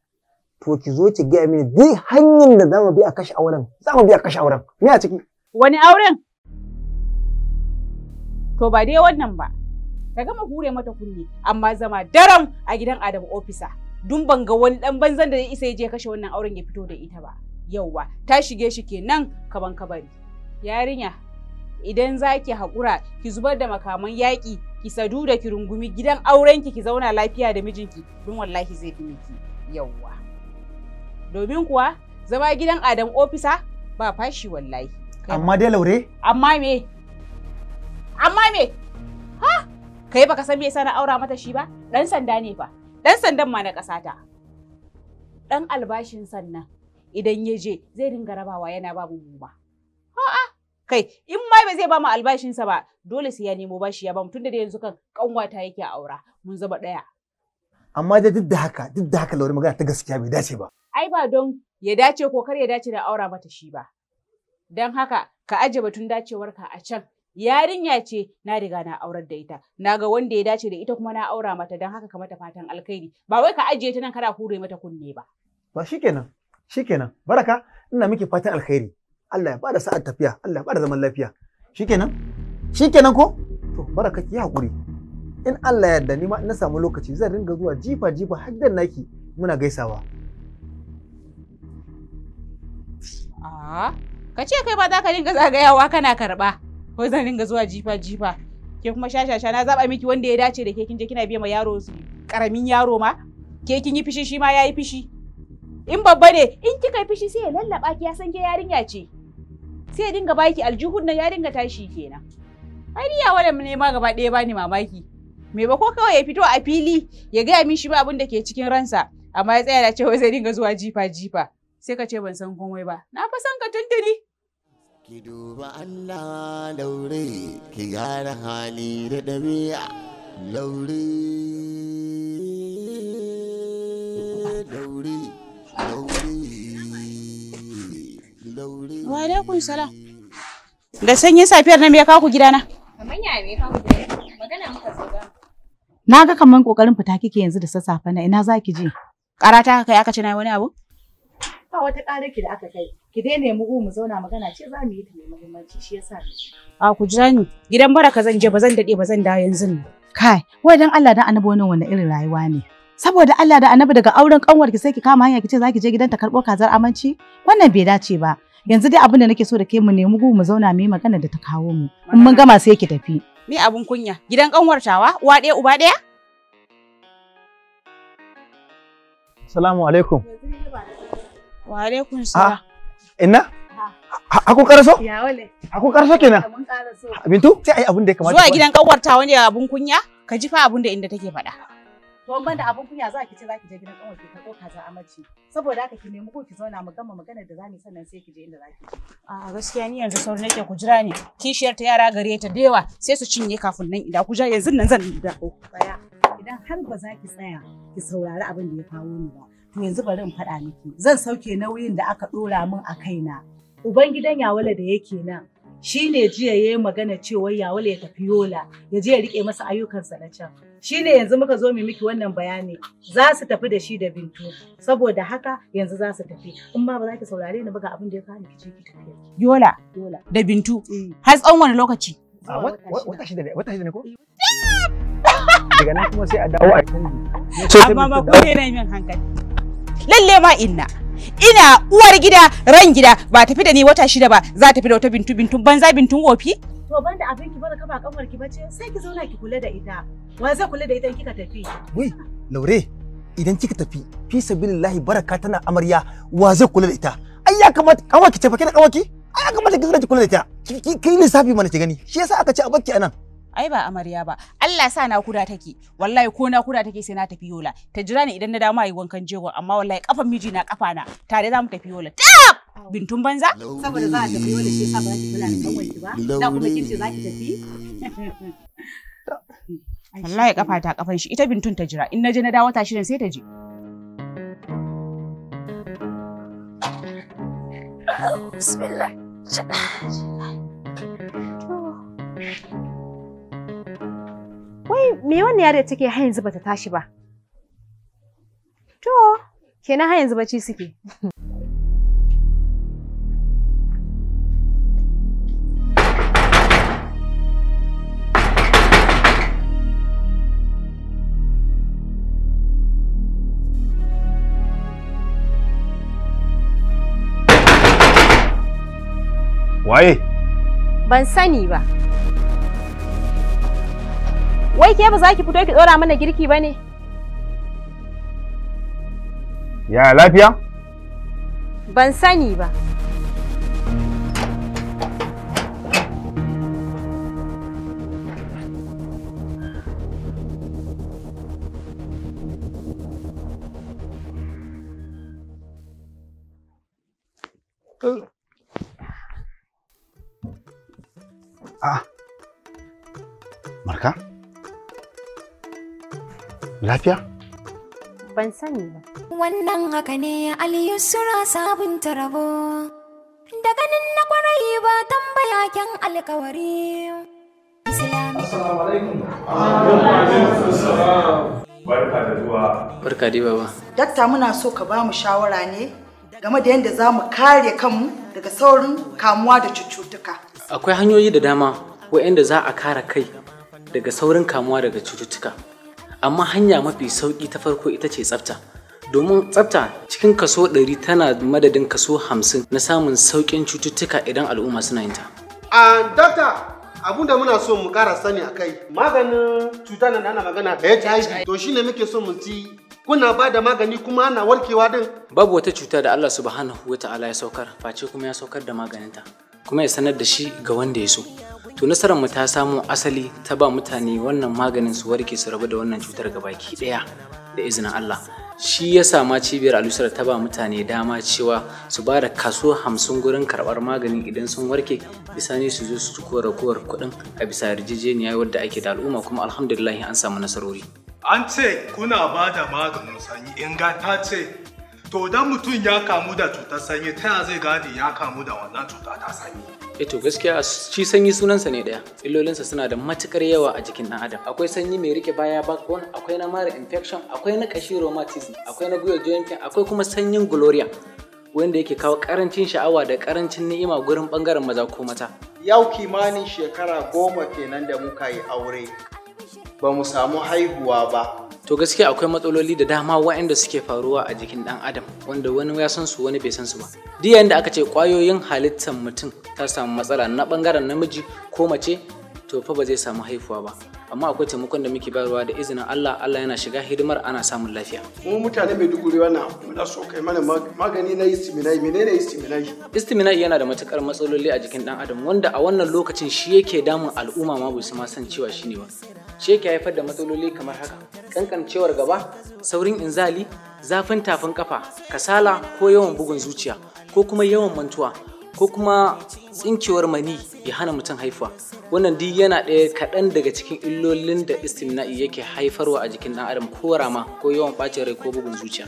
to ki zo ki gaya mini duk hanyar da za mu bi a kashe auren za mu bi a kashe auren ni a ciki wani auren to ba dai wannan ba Ka gama hure mata kunne amma zama daram a gidan Adamu ofisa dun ban ga wani dan banzan da ya isa ya je kashe wannan auren ya fito da ita ba yauwa ta shige shi kenan kaban kabari yarinya idan zaki haƙura ki zubar da makaman yaƙi ki sadu da ki rungumi gidan aurenki ki zauna lafiya da mijinki don wallahi zai fi miki yauwa domin kuwa zama gidan Adam ofisa ba fashi wallahi. Amma dai laure? Amma me? Amma me? Ha? Kai baka san me yasa na aura mata shi ba? Dan sanda ne fa. Dan sandan ma na ta. Dan albashin sannan idan ya je zai dinga rabawa yana ba mu ba. Ha'a. Kai, in ma ba zai ba mu albashinsa ba, dole sai ya nemo bashi ya ba mu tunda da yanzu kan kanwata yake aura. Mun zama ɗaya. Amma da duk da haka, duk da haka laure magana ta gaskiya bai dace ba. ai ba don ya dace ko kar ya dace da aura mata shi ba. Don haka ka aje batun dacewarka a can. Yarinya ce na riga na aurar da ita, na ga wanda ya dace da ita kuma na aura mata don haka ka mata fatan alkhairi. Ba wai ka ajiye ta nan kana hure mata kunne ba. Ba shikenan, shikenan. Baraka, ina miki fatan alkhairi. Allah ya bada sa'ad tafiya, Allah ya bada zaman lafiya. Shikenan? Shikenan ko? To, baraka ki hakuri. In Allah ya yarda ni ma na samu lokaci zan ringa zuwa jifa jifa har da naki muna gaisawa. kace ka ce kai ba za ka dinga zagayawa kana karɓa, ko zan dinga zuwa jifa-jifa. Ke kuma shashasha na zaba miki wanda ya dace da ke kin je kina biya ma yaro karamin yaro ma, ke kin yi fishi shi ma ya fishi. In babba ne, in kika yi fishi sai ya lallaɓa ki ya san ke yarinya ce. Sai ya dinga baki Aljuhun nan ya dinga tashi kenan. Ai ni ya wada ne ma gaba ɗaya bani mamaki. Me ba ko kawai ya fito a fili ya gaya min shi ba abin da ke cikin ransa, amma ya tsaya da cewa zai dinga zuwa jifa-jifa. sai ka ce ban san komai ba na fa san ka tuntuni ki duba Allah laure ki gyara hali da ɗabi'a laure laure laure laure wa alaikum salam da sanyin safiyar nan me ya kawo gidana kamar ya me kawo gidana magana muka saba na ga kaman kokarin fita kike yanzu da sassafe na ina zaki je karata ka kai aka ce na wani abu wata ƙara ki da aka kai ki dai nemi mu zauna magana ce za mu yi ta mai muhimmanci shi yasa a ku ji ni gidan baraka zan je ba zan dade ba zan da yanzu kai wai dan Allah dan annabi wannan wani irin rayuwa ne saboda Allah da annabi daga auren kanwar ki sai ki kama hanya ki ce zaki je ta karɓo kazar amanci wannan bai dace ba yanzu dai abin da nake so da ke mu nemi gu mu zauna mu yi magana da ta kawo mu in mun gama sai ki tafi ni abun kunya gidan kanwar tawa uwa ɗaya uba ɗaya Assalamu alaikum Wa alaikum salam. Ina? Hakun karaso? Ya wale. Hakun karaso kenan? Abun karaso. Bintu, sai ai abun da ya kamata. Zuwa gidan ta wani abun kunya, ka ji fa abun da inda take faɗa. To ban da abun kunya za ki ce za ki je gidan kanwar ki karɓo kaza amarci. Saboda haka ki nemi ko ki zauna mu gama maganar da zamu sannan sai ki je inda za ki je. A gaskiya ni yanzu sauran nake ku jira ne. Kishiyar ta yara gare ta dewa sai su cinye kafin nan idan ku ja yanzu nan zan dawo. Baya idan har ba za ki tsaya ki saurari abin da ya kawo ni ba. to yanzu bari in faɗa miki zan sauke nauyin da aka ɗora min a kaina ubangidan yawala da yake nan shi ne jiya ya yi magana cewa yawala ya tafi yola ya je ya riƙe masa ayyukansa na can shi ne yanzu muka zo mu miki wannan bayani za su tafi da shi da bintu saboda haka yanzu za su tafi in ma ba za ki saurare ni ba ga abin da ya kawo ki je ki tafi yola yola da bintu mm. har tsawon wani lokaci wata shida ne ko *laughs* daga nan kuma sai a dawo a canji amma ba ku ne na min hankali lalle ma inna ina uwar gida ran gida ba tafi da ni wata shida ba za tafi da wata bintu bintu banza bintun wofi to ban da abin ki bada kafa kafar ki bace sai ki zauna ki kula da ita wa zai kula da ita kika tafi wai laure idan kika tafi fi sabilillahi baraka tana amarya wa zai kula da ita ai ya kamata kawaki ce fa kina kawaki ai ya kamata ki zauna ki kula da ita ki lissafi mana ki gani shi yasa aka ce a bakki anan ai ba amarya ba Allah sa na kuda take wallahi ko na kuda take sai na tafi yola ta jira ni idan na dawo mai yi wankan jego amma wallahi kafan miji na kafa na tare za mu tafi yola tab bintun banza saboda za a tafi yola shi sa ba ki kula da kanwanki ba da kuma kin ce za ki tafi *laughs* wallahi kafa ta kafan shi ita bintun ta jira in na je na dawo ta shirin sai ta je Bismillah. Wai me wannan yare take har yanzu bata tashi ba? To, kenan har yanzu bacci suke. Waye? Ban sani ba. Wai ke ba za ki fito ki ɗora mana girki ba ne? Ya lafiya? Ban sani ba. Ah, marka? Lafiya? Ban sani ba. Wannan haka ne Aliyusura sabunta rabo. Da ganin na kwarai ba tambaya kyan alkawari. Assalamu alaikum. Barka da zuwa. Barka baba. Dakta muna so ka ba mu shawara ne game da yadda za mu kare kanmu daga saurin kamuwa da cututtuka. Akwai hanyoyi da dama waɗanda za a kare kai daga saurin kamuwa daga cututtuka. amma hanya mafi sauki ta farko ita ce tsafta domin tsafta cikin kaso 100 tana madadin kaso 50 na samun saukin cututtuka idan al'umma suna yin ta a dokta abun da muna so mu kara sani a kai maganin cuta nan ana magana da hiv to shine muke so mu ci kuna ba da magani kuma ana warkewa din babu wata cuta da Allah subhanahu wa ta'ala ya saukar face kuma ya saukar da maganin ta kuma ya sanar da shi ga wanda ya so to nasarar mu ta samu asali ta ba mutane wannan maganin su warke su rabu da wannan cutar ki daya da izinin Allah shi ya ma cibiyar alusar ta ba mutane dama cewa su ba da kaso hamsin gurin karbar maganin idan sun warke ne su zo su ciko raguwar kuɗin a bisa yarjejeniya wadda ake da al'umma kuma alhamdulillah an samu nasarori an ce kuna ba da maganin sanyi in ta ce To dan mutum ya kamu da cutar sanyi ta zai gane ya kamu da wannan cuta ta sanyi. E to gaskiya shi sanyi sunansa ne daya. Illolinsa suna da matukar yawa a jikin ɗan adam. Akwai sanyi mai rike baya backbone, akwai na mara infection, akwai na kashi rheumatism, akwai na gwiwar joint akwai kuma sanyin gloria. Wanda yake kawo karancin sha'awa da karancin ni'ima gurin bangaren maza ko mata. Yau kimanin shekara goma kenan da muka yi aure. Ba mu samu haihuwa ba. to gaskiya akwai matsaloli da dama waɗanda suke faruwa a jikin ɗan adam wanda wani ya san su wani bai san su ba duk aka ce ƙwayoyin halittar mutum ta samu matsala na ɓangaren namiji ko mace to fa ba zai samu haifuwa ba amma akwai taimakon da muke bayarwa da izinin Allah Allah yana shiga hidimar ana samun lafiya mu mutane mai duguri na muna so kai mana magani na istiminai menene istiminai istiminai yana da matukar matsaloli a jikin ɗan adam wanda a wannan lokacin shi yake damun al'umma ma su ma san cewa shine ba shi ke haifar da matsaloli kamar haka kankancewar gaba saurin inzali zafin tafin kafa kasala ko yawan bugun zuciya ko kuma yawan mantuwa ko kuma tsinkewar mani ya hana mutum haifuwa wannan duk yana ɗaya kaɗan daga cikin illolin da istimna'i yake haifarwa a jikin ɗan adam ko rama ko yawan ɓacin rai ko bugun zuciya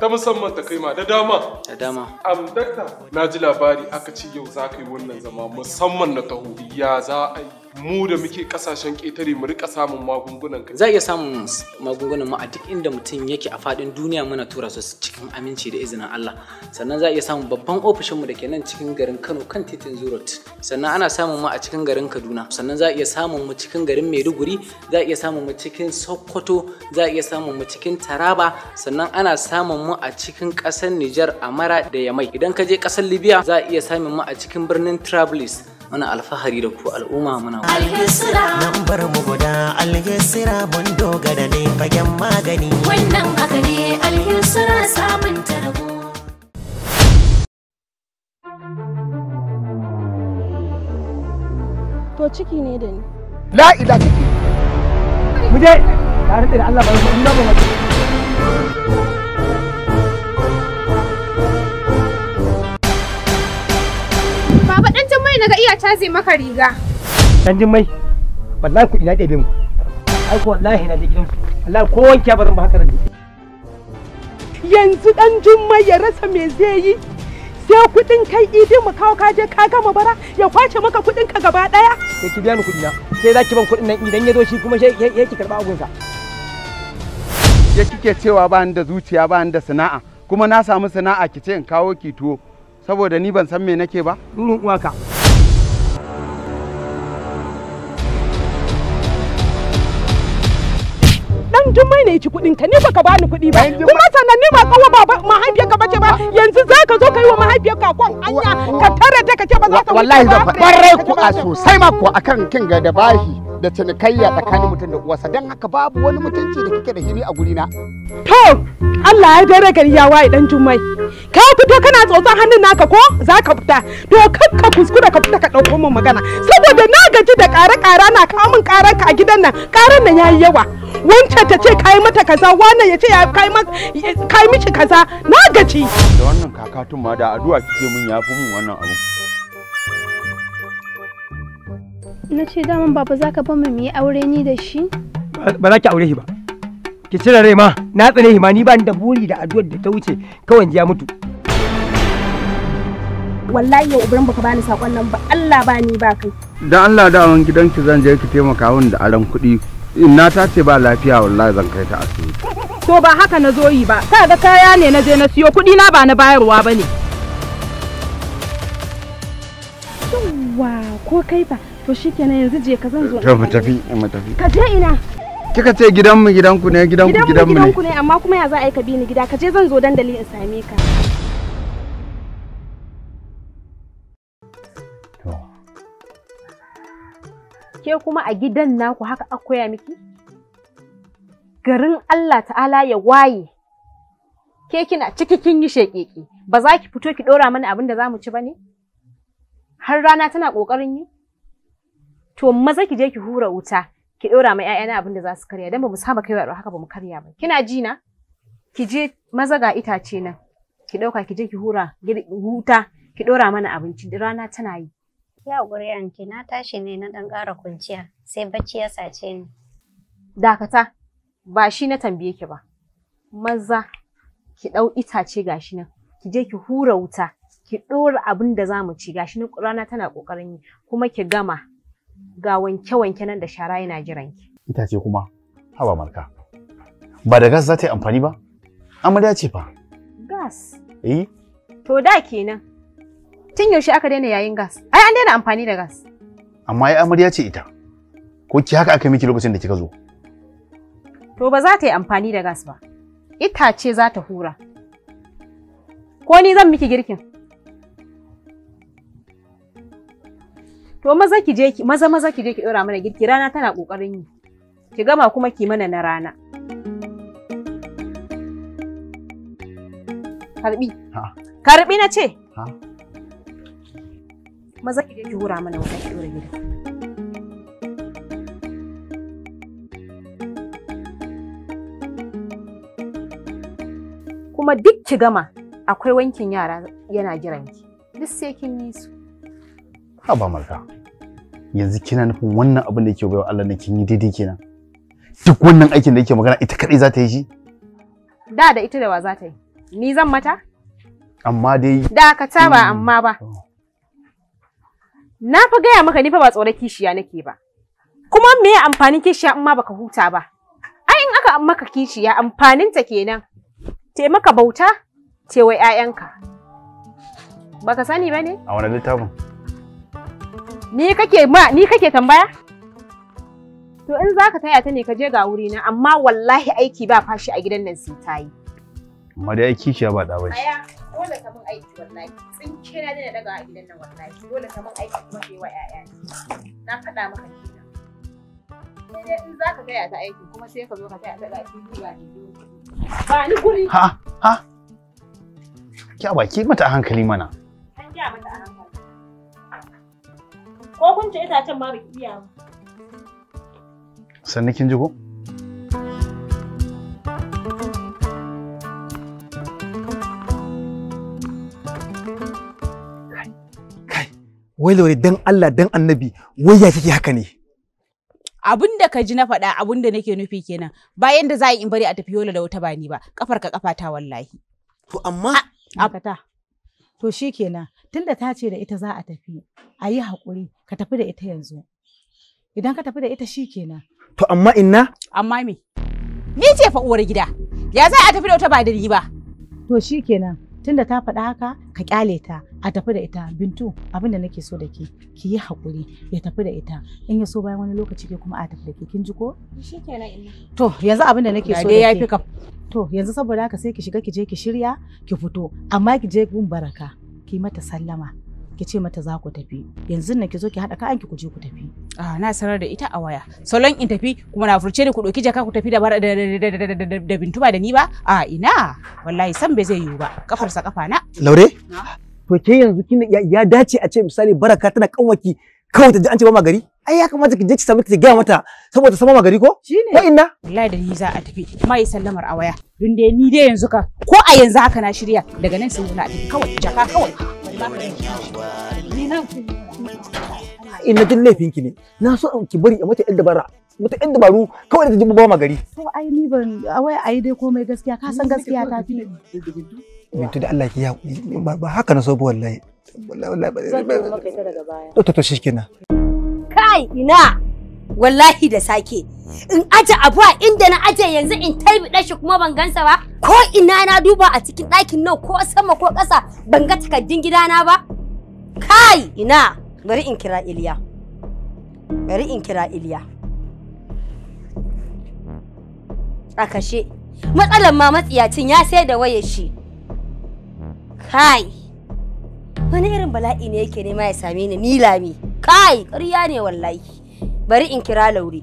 ta musamman ta kaima da dama da dama am dakta na ji labari aka ci yau za ka yi wannan zama musamman na taho ya za a yi mu da muke kasashen ƙetare mu rika samun magungunan ka za iya samun magungunan mu a duk inda mutum yake a faɗin duniya muna tura su cikin aminci da izinin Allah sannan za iya samun babban ofishin mu da ke nan cikin garin Kano kan titin Zurot sannan ana samun mu a cikin garin Kaduna sannan za iya samun mu cikin garin Maiduguri za iya samun mu cikin Sokoto za iya samun mu cikin Taraba sannan ana samun mu a cikin ƙasar Nijar Amara da Yamai idan ka je ƙasar Libya za iya samun mu a cikin birnin Trablis mana alfahari da ku al'umma muna alhisira nan bar mu guda alhisira mun dogara ne fagen magani wannan haka ne alhisira sabon rabo to ciki ne da ni la ila ciki mu je tare da Allah ba mu ba mu na ga iya caje maka riga. Dan jin mai. Wallahi kuɗi na ɗebe mu. Ai ko wallahi na je gidansu. Wallahi ko wanke ba zan ba haka da Yanzu dan Jummai ya rasa me zai yi? Sai kuɗin kai idi mu kawo ka je ka gama bara ya kwace maka kuɗin ka gaba ɗaya. Sai ki biya ni kuɗi na. Sai za ki ban kuɗin nan idan ya zo shi kuma sai ya ki karɓa abunsa. Ya kike cewa ba ni da zuciya ba ni da sana'a kuma na samu sana'a ki ce in kawo ki tuwo saboda ni ban san me nake ba. Rurun uwaka. dan jummai ne ya ci kuɗin ka ni ba ka bani kuɗi ba kuma sannan ni ba kawo ba mahaifiyar ka bace ba ah. yanzu za ka zo ka yi wa mahaifiyar ka kwan anya ka tare da ka ce ba za ta wuce ba wallahi ku a sosai ma ku akan kin ga da bashi da cinikayya tsakanin mutum da uwarsa don haka babu wani mutunci da kike da hiri a na. To, Allah ya dare gari ya waye dan jummai. Ka fito kana tsotsan hannun naka ko za ka fita. To kan ka kuskura ka fita ka ɗauko min magana. Saboda na gaji da ƙara ƙara na kamun min ka a gidan nan. Ƙarar nan yayi yawa. Wancan ta ce kai mata kaza, wannan ya ce ya kai mishi kaza. Na gaji. Da wannan kakatun ma da addu'a kike mun yafi mun wannan abu. na ce daman baba za ka bamu mu yi aure ni da shi ba za ki aure shi ba ki cire rai ma na tsane shi ma ni ba ni da buri da addu'ar da ta wuce kawai ya mutu wallahi ya ubran baka bani sakon nan ba Allah ba ni ba kai dan Allah da awon gidanki zan je ki taimaka min da aran kuɗi inna ta ce ba lafiya wallahi zan kai ta asibiti to ba haka na zo yi ba ka ga kaya ne na je na siyo kuɗi na ba na bayarwa ne. yawwa ko kai ba to kenan yanzu je ka zan zo mu tafi mu tafi ka je ina kika ce gidanmu gidanku ne gidanku gidanmu ne gidanku ne amma kuma ya za a yi ka ni gida ka je zan zo dandali in same ka ke kuma a gidan naku haka a koya miki garin Allah ta'ala ya waye ke kina ciki kin yi shekeke. ba za ki fito ki dora mana abin da za mu ci ba ne har rana tana kokarin yi to maza ki je ki hura wuta ki ɗora ma ƴaƴana abin da za su karya dan ba mu saba kai wa haka ba mu karya ba kina ji na ki je maza ga itace nan ki ɗauka ki je ki hura wuta ki ɗora mana abinci rana tana yi ya ƙuri'an ki na tashi ne na ɗan ƙara kwanciya sai bacci ya sace ni dakata ba shi na tambaye ki ba maza ki ɗau itace gashi nan ki je ki hura wuta ki ɗora abin da za mu ci gashi nan rana tana ƙoƙarin yi kuma ki gama ga wanke-wanke nan da shara yana jiran ki. ce kuma haba marka. Ba da gas za ta yi amfani ba? Amarya ce fa. Gas? Eh. To da kenan. Tun yaushe aka daina yayin gas? Ai an daina amfani da gas. Amma ai amarya ce ita. Ko ki haka aka miki lokacin da kika zo? To ba za ta yi amfani da gas ba. Ita ce za ta hura. Ko ni zan miki girkin? To maza ki je ki maza maza ki je ki dora mana girki rana tana kokarin yi. Ki gama kuma ki mana na rana. Karbi. Karbi na ce. Maza ki je ki hura mana wuta ki dora girki. Kuma duk ki gama akwai wankin yara yana ki, Duk sai kin yi su. ha ba marka yanzu kina nufin wannan abin da yake baiwa Allah ne kin yi daidai kenan duk wannan aikin da yake magana ita kadai za ta yi shi da da ita da wa za ta yi ni zan mata amma dai da ka ba hmm. amma ba oh. na fa gaya maka ni fa ba tsoron kishiya nake ba kuma me amfanin kishiya in ma baka huta ba ai in aka maka kishiya amfaninta kenan te maka bauta te wai 'ya'yanka baka sani ba ne a wani littafin Ni kake ma ni kake tambaya? To in zaka taya ta ne ka je ga wuri na amma wallahi aiki ba fashi a gidan nan sai tayi. Amma dai aiki shi ba da bai. dole ka mun aiki wallahi. Tsin kira da daga gidan nan wallahi. Dole ka mun aiki kuma kai wa yaya. Na faɗa maka kenan. Sai in zaka taya ta aiki kuma sai ka zo ka taya ta ga kiji ba ni. Ba ni guri. Ha ha. Ki a baki mata hankali mana. An ja mata hankali. ko kun ci itacen ma baki iya ba sannan kin ji ko wai dan Allah dan annabi wai ya kike haka ne abin da ka ji na faɗa abin da nake nufi kenan bayan da za a yi in bari a tafi yola da wuta bani ba kafar ka kafa ta wallahi to amma dakata to shi kenan tunda ta ce da ita za a tafi a yi haƙuri ka tafi da ita yanzu idan ka tafi da ita shi kenan to amma inna amma me ni ce fa uwar gida ya za a tafi da wata ba da ba to shi kenan tunda ta faɗa haka ka kyale ta a tafi da ita bintu abinda nake so da ke ki yi hakuri ya tafi da ita in ya so bayan wani lokaci ke kuma a tafi da ke kin ji ko to yanzu abinda nake so da ke to yanzu saboda haka sai ki shiga ki je ki shirya ki fito amma ki je gun baraka ki mata sallama ki ce mata za ku tafi yanzu na ki zo ki haɗa kayan ki ku je ku tafi a na sanar da ita a waya salon in tafi kuma na furce ni ku ɗauki jaka ku tafi da da bintu ba da ni ba a ina wallahi san bai zai yiwu ba sa kafa na laure to ke yanzu kin ya dace a ce misali baraka tana kanwaki kawai ta ji an ce ba magari ai ya kamata ki je ki samu ki gaya mata saboda sama magari ko shine ta inna wallahi da ni za a tafi mai sallamar a waya dun dai ni dai yanzu ka ko a yanzu haka na shirya daga nan sai na tafi kawai jaka kawai ina jin ki ne na so ki bari a mata yadda dabara mata yan dabaru kawai da jibi ba ma gari to ai ni ban wai ai dai komai gaskiya ka san gaskiya ta fi mintu da Allah ki ya ba haka na so ba wallahi wallahi wallahi ba to to shikenan kai ina wallahi da sake in aje abu a inda na aje yanzu in taibiɗa shi kuma ban gansa ba ko ina na duba a cikin ɗakin nan ko sama ko ƙasa ban ga takardun gidana ba kai ina bari in kira iliya bari in kira iliya a kashe matsalar ma matsiyacin ya sai da wayar shi kai wani irin bala'i ne yake nema ya same ni ni lami kai ƙarya ne wallahi bari in kira laure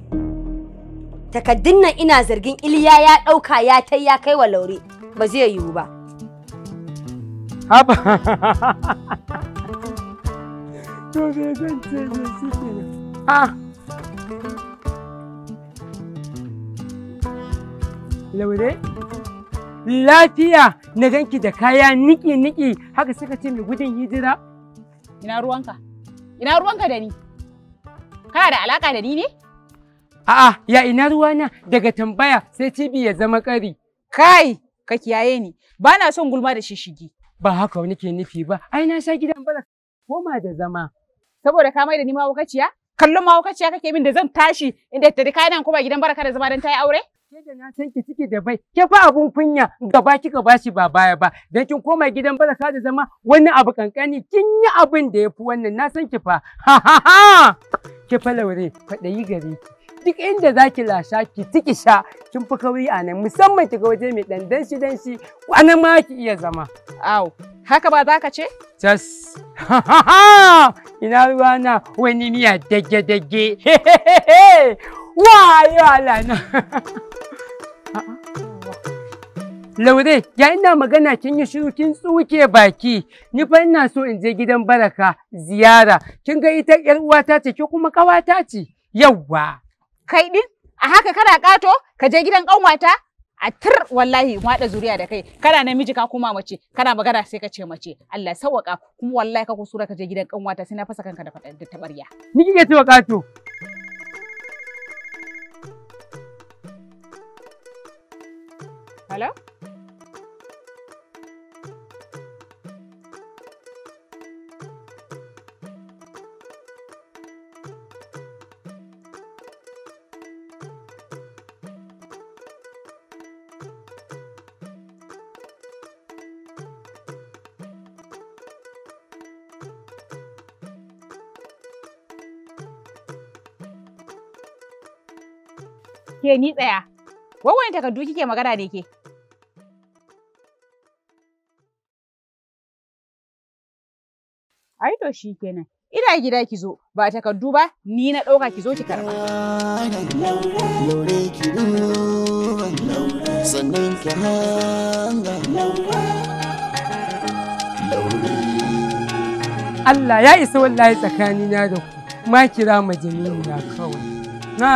takaddun nan ina zargin iliya ya ɗauka ya tai ya kai wa laure ba zai yiwu ba haba *laughs* to ha laure lafiya na ganki da kaya niki niki haka suka ce mai gudun hijira ina ruwanka ina ruwanka da ni Kana da alaka da ni ne? A'a, ya ina ruwa na? daga tambaya sai cibi ya zama kari Kai, ka kiyaye ni. Ba na son gulma da shishigi. Ba haka wani ke nufi ba. Ai na sha gidan bara. Koma da zama. Saboda ka mai da ni wakaciya? Kallon wakaciya kake min da zan tashi inda ta kai nan kuma gidan baraka da zama dan tayi aure? Ke da na san ki ciki da bai. Ke fa abun kunya gaba kika bashi ba baya ba. Dan kin koma gidan baraka da zama wani abu kankani kin yi abin da yafi wannan na san ki fa. Ha ha ha. ke falaure kwaɗayi gare ki duk inda za ki lasha ki tiki sha kin fi kauri a nan musamman ki ga waje mai ɗan danshi danshi kwanan ma ki iya zama. Aw, haka ba za ka ce? Tas, *laughs* ina ruwa na wani miya dage dage, wa yi na. *laughs* Laure, ya ina magana kin yi shiru kin tsuke baki. Ni fa ina so in je gidan Baraka ziyara. Kin ga ita ƴar uwata ce ke kuma ƙawata ce. Yawwa. Kai din a haka kana kato ka je gidan ƙanwata a tir wallahi mu haɗa zuriya da kai kana namiji ka kuma mace kana magana sai ka ce mace Allah sauwaka kuma wallahi ka kusura ka je gidan ƙanwata sai na fasa kanka da faɗa da tabarya. Ni kike cewa ƙato. Hello? ke ni tsaya. Wawan takardu kike magana ne ke? Ai to shi kenan. Ina gida ki zo, ba takardu ba, ni na ɗauka ki zo ki karɓa. Allah ya isa wallahi tsakanina da ku, ma kira majalina kawai. Na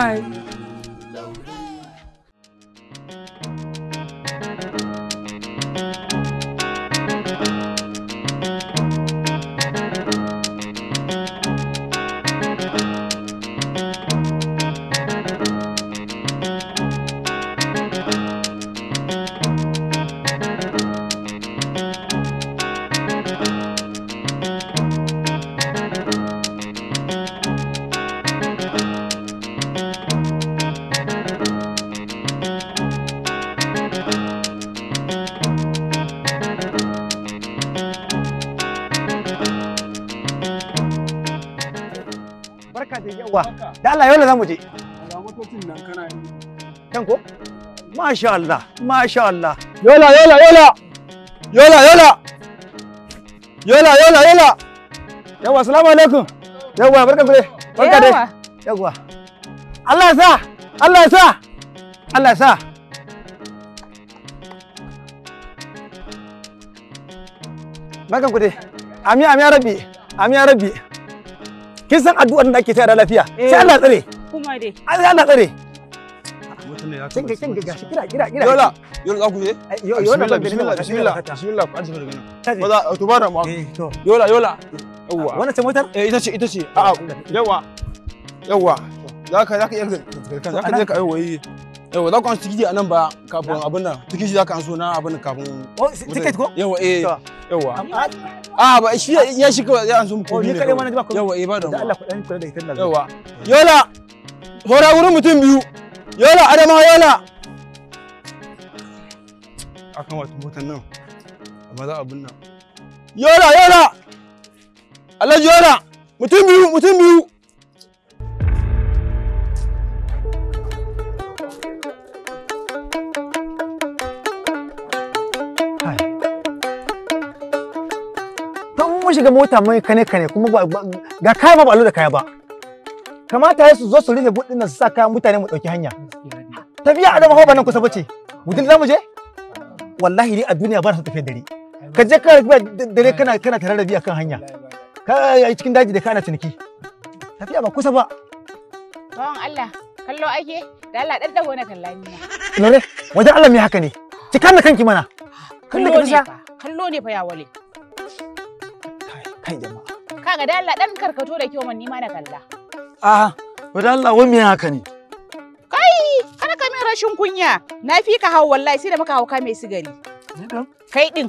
kuwa da Allah yau za mu je. Kan ko? Masha Allah, Masha Allah. Yola, yola, yola. Yola, yola. Yola, yola, yola. Yawa, assalamu alaikum. Yawa, barka dai Barka dai. Yawa. Allah ya sa, Allah ya sa. Allah ya sa. Barka ku dai Ami, ami, rabbi Ami, rabbi kin san addu'ar da ake tsaya lafiya eh. sai Allah tsare kuma dai sai Allah tsare Yola, yola, eh, yola, Yola. Yola. Yola. Yola. Yola. yola yola Yola. Yola. Yola. yola yola, yola, yola, yola, yola, yola, yola, yola, yola, yola, yola, yola, yola yola yola, yola, ce motar yola, eh, ita ce ita ce a'a yola, yola, yola, yola, yola, yola, yola, ka yola, yi yola, za yola, an yola, a nan ba yola, abin nan yola, yola, yola, yola, yola, na abin yola, yola, yola, yola, yola, yola, Aa ah, ba shi ya shi oh, kawai ya ne kawai yawa da Allah da yawa yola hora wurin mutum biyu yola adama yola akan motar nan amma za a binna yola yola alhaji yola mutum biyu mutum biyu shiga mota mai kane kane kuma ga kaya ba balo da kaya ba kamata ya su zo su rufe buɗin nan su sa kayan mutane mu ɗauki hanya tafiya adama hawa ba nan kusa bace mutum za mu je wallahi ni a duniya ba na tafiyar dare ka je kana dare kana kana tare da biya kan hanya ka yi cikin daji da kana ciniki tafiya ba kusa ba bawan Allah kallo ake da Allah dan dago na kallani lore wajen Allah mai haka ne ki kanna kanki mana kallo ne fa kallo ne fa ya wale kai jama'a kaga da Allah dan karkato da kyau ni ma na kalla a ba da Allah wai me haka ne kai kana ka min rashin kunya na fi ka hawo wallahi sai da muka hauka mai sigari kai din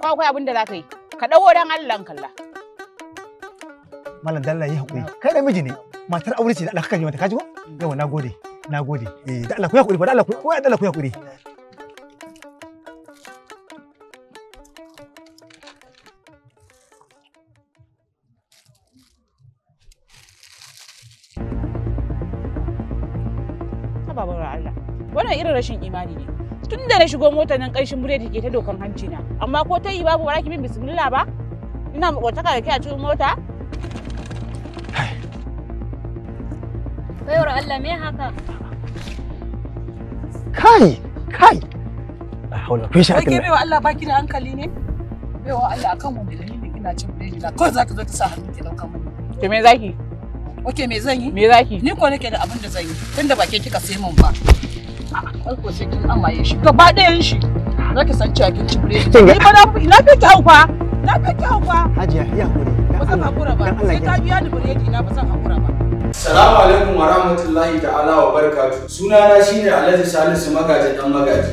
ko akwai abin da za ka yi ka dawo dan Allah kalla malam dalla yi hakuri kai miji ne matar aure ce da Allah ka yi mata kaji ko yawa na gode, eh da Allah ku hakuri ba da Allah ku yi Allah hakuri wannan irin rashin imani ne tun da na shigo mota nan ƙarshen buredi ke ta dokan hanci na amma ko ta yi babu ba ki bin bismillah ba ina makwataka da kai a cikin mota baiwar Allah me haka kai kai a haula ko shi ake baiwa Allah baki da hankali ne baiwa Allah akan wanda dalilin ina cin buredi na za ka zo ta sa hannu ki dauka mun to me zaki Oke me zan yi? Me zaki? Ni ko nake da abin da zan yi tunda ba ke kika sai mun ba. ko shi san ba na ba zan ba sai biya ni na ba zan ba Salamu alaikum wa rahmatullahi ta'ala wa barakatu. Sunana shine Alhaji Salisu magaji dan magaji.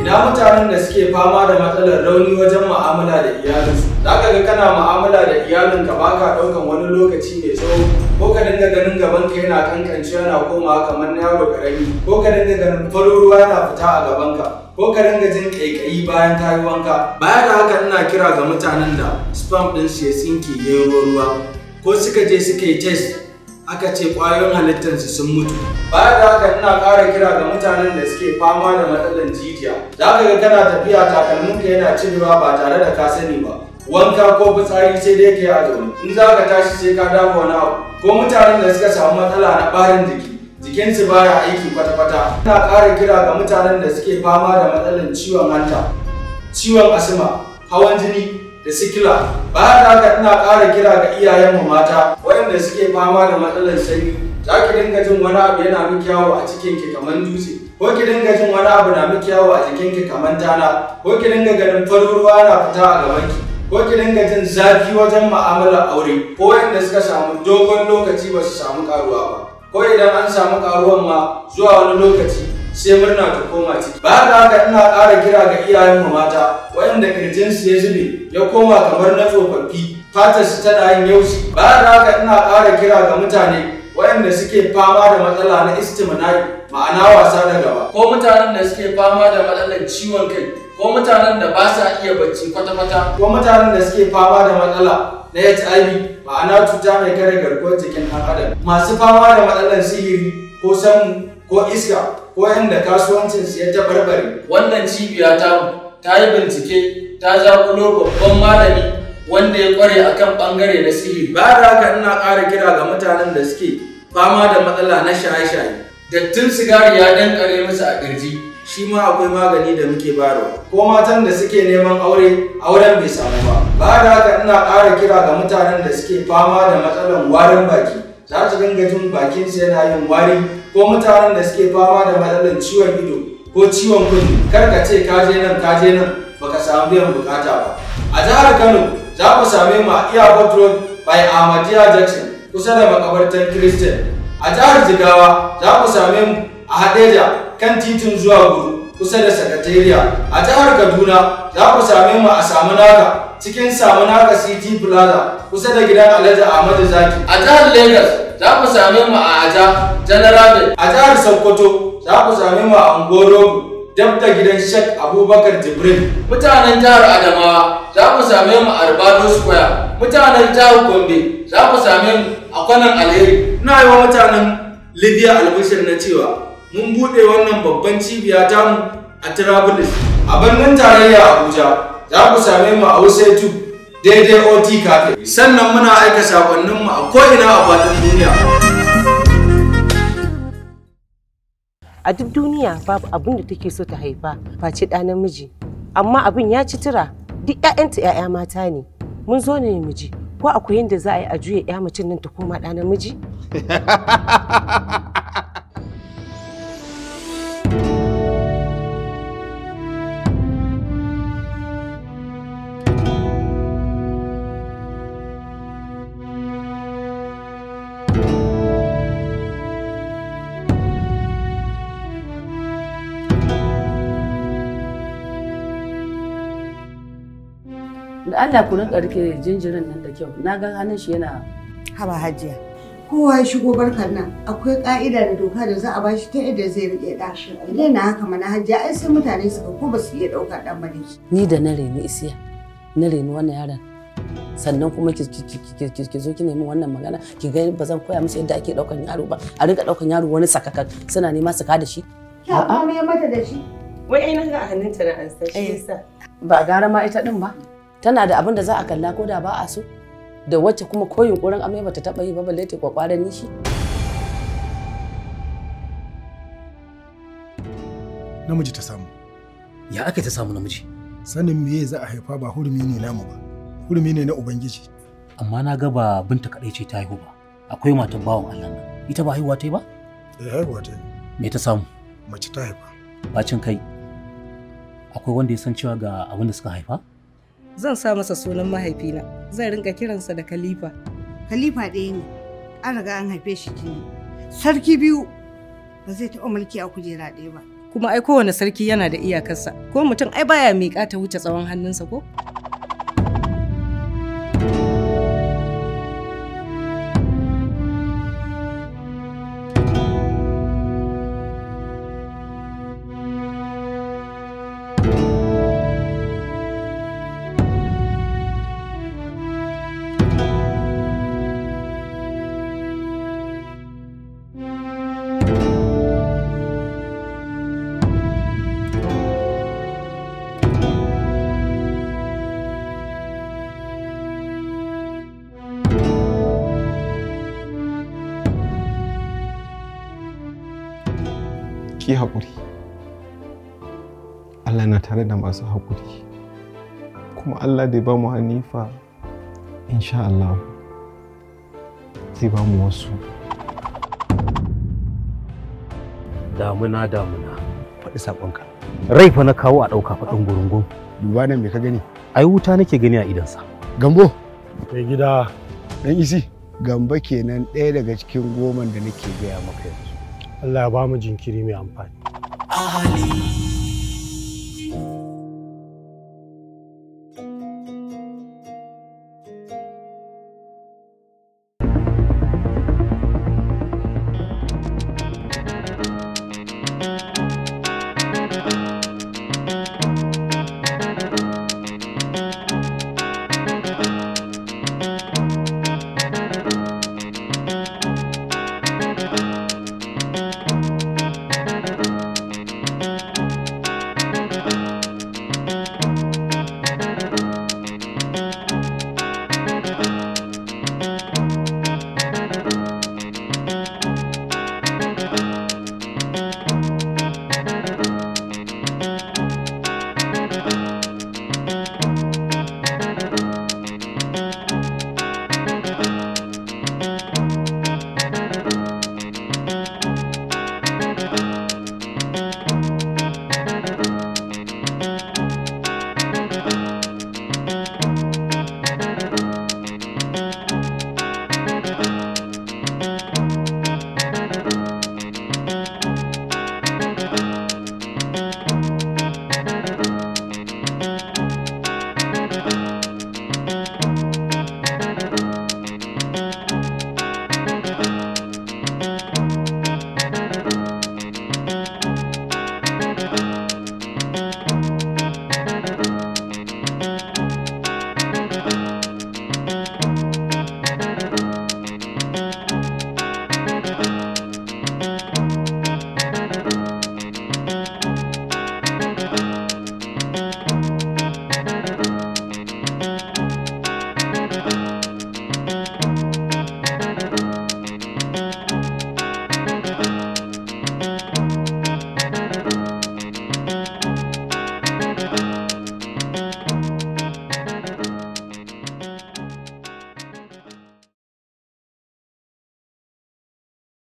Ina mutanen da suke fama da matsalar rauni wajen mu'amala da iyalinsu. Za ka ga kana mu'amala da iyalinka baka ɗaukan wani lokaci mai tsawo ko ka dinga ganin gaban ka yana kankance yana komawa kamar na yaro karami ko ka dinga ganin farin yana fita a gaban ka ko ka dinga jin kaikayi bayan ka yi wanka baya da haka ina kira ga mutanen da spam din su ya sinke ya ruwa ko suka je suka yi test aka ce ƙwayoyin halittarsu sun mutu. Baya da haka ina ƙara kira ga mutanen da suke fama da matsalar jijiya. Za ka ga kana tafiya takalminka yana cirewa ba tare da ka sani ba. wanka ko fitsari sai dai ka yi a zaune in za ka tashi sai ka dafa wani abu ko mutanen da suka samu matsala na barin jiki jikinsu baya aiki kwata-kwata ina ƙara kira ga mutanen da suke fama da matsalar ciwon hanta ciwon asima hawan jini da sikila Ba da haka ina ƙara kira ga iyayenmu mata waɗanda suke fama da matsalar sanyi za ki dinga jin wani abu yana miki yawo a cikin ki kamar dutse ko ki dinga jin wani abu na miki yawo a jikin ki kamar tana ko ki dinga ganin farin ruwa na fita a gaban ko ki dinga jin zafi wajen mu'amalar aure ko wanda suka samu dogon lokaci ba su samu karuwa ba ko idan an samu karuwan ma zuwa wani lokaci sai murna ta koma ciki ba da haka ina ƙara kira ga iyayen mu mata waɗanda su ya zube ya koma kamar na tsofaffi fatar su tana yin yaushi ba da haka ina ƙara kira ga mutane waɗanda suke fama da matsala na istimnai ma'ana wasa da gaba ko mutanen da suke fama da matsalar ciwon kai ko mutanen da ba sa iya bacci kwata-kwata ko mutanen da suke fama da matsala na HIV ma'ana cuta mai kare garkuwar jikin ɗan adam masu fama da matsalar sihiri ko samu ko iska ko yadda kasuwancinsu ya tabarbare wannan cibiya ta yi bincike ta zaƙulo babban malami wanda ya kware kan ɓangare na sihiri ba haka ina ƙara kira ga mutanen da suke fama da matsala na shaye-shaye dattin sigari ya danƙare musu a ƙirji shi ma akwai magani da muke bayarwa ko matan da suke neman aure auren bai samu ba ba da haka ina ƙara kira ga mutanen da suke fama da matsalan warin baki za su dinga jin bakin su yana yin wari ko mutanen da suke fama da matsalan ciwon ido ko ciwon kudi kar ka ce ka je nan ka je nan baka samu biyan bukata ba a jihar Kano za ku same mu a Airport Road by Ahmadiyya Jackson kusa da makabartan Christian a jihar Jigawa za ku same mu a Hadeja kan titin zuwa gudu, kusa da sakatariya a jihar kaduna za ku same mu a samunaka cikin samunaka city plaza kusa da gidan alhaji ahmadu zaki a jihar lagos za ku same mu a aja general a jihar sokoto za ku same mu a angorogu dab da gidan Sheikh Abubakar Jibril. Mutanen jihar Adamawa za ku same mu a Ribado Square. Mutanen jihar Gombe za ku same mu a kwanan Alheri. Ina yi wa mutanen Libya albishir na cewa mun buɗe wannan babban cibiya tamu a Tirabulis. A birnin tarayya Abuja za ku same mu a Wuse daidai OT Cafe. Sannan muna aika sakonninmu a ko'ina a faɗin duniya. A duk duniya babu abin da take so ta haifa face ɗa namiji. Amma abin ya ci tura duk 'ya'yanta 'ya'ya mata ne. Mun zo ne miji ko akwai yadda za a yi a juya 'ya mutum nan ta koma ɗa namiji? *laughs* da Allah ku rinka rike jinjirin nan da kyau na ga hannun shi yana haba hajiya kowa ya shigo barkar nan akwai ka'ida da doka da za a bashi ta yadda zai rike dashi shi idan na haka mana hajiya ai sai mutane suka ko ba su iya dauka dan bane ni da na reni isiya na reni wannan yaran sannan kuma ki zo ki nemi wannan magana ki ga ba zan koya musu yadda ake daukan yaro ba a rinka daukan yaro wani sakakan suna nema su ka da shi ya ba mata da shi wai ai na ga hannunta na an san shi eh. yasa ba gara ma ita din ba tana da abin da za a kalla ko da ba a so da wacce kuma ko yunkurin amai bata taba yi ba balle ta kwakwaran nishi namiji ta samu ya aka ta samu namiji sanin me za a haifa ba hurumi ne namu ba hurumi ne na ubangiji amma na ga ba binta kadai ce ta haihu ba akwai matan bawan Allah nan ita ba haihuwa ta ba eh haihuwa ta me ta samu mace ta haifa bacin kai akwai wanda ya san cewa ga abin da suka haifa zan sa masa sunan mahaifina Zai rinka kiransa da khalifa khalifa ɗaya ne an riga an haife shi kenan sarki biyu ba zai taɓa mulki a kujera ɗaya ba kuma ai kowane sarki yana da iyakarsa ko mutum ai baya miƙa ta wuce tsawon hannunsa ko haƙuri Allah na tare da masu haƙuri kuma Allah da ba mu hanifa insha Allah zai ba mu wasu damuna damuna faɗi saƙonka rai fa na kawo a ɗauka faɗin gurungun duba nan me ka gani ai wuta nake gani a idansa gambo mai gida dan isi gamba kenan ɗaya daga cikin goman da nake gaya maka yanzu Allah ya ba mu jinkiri mai amfani.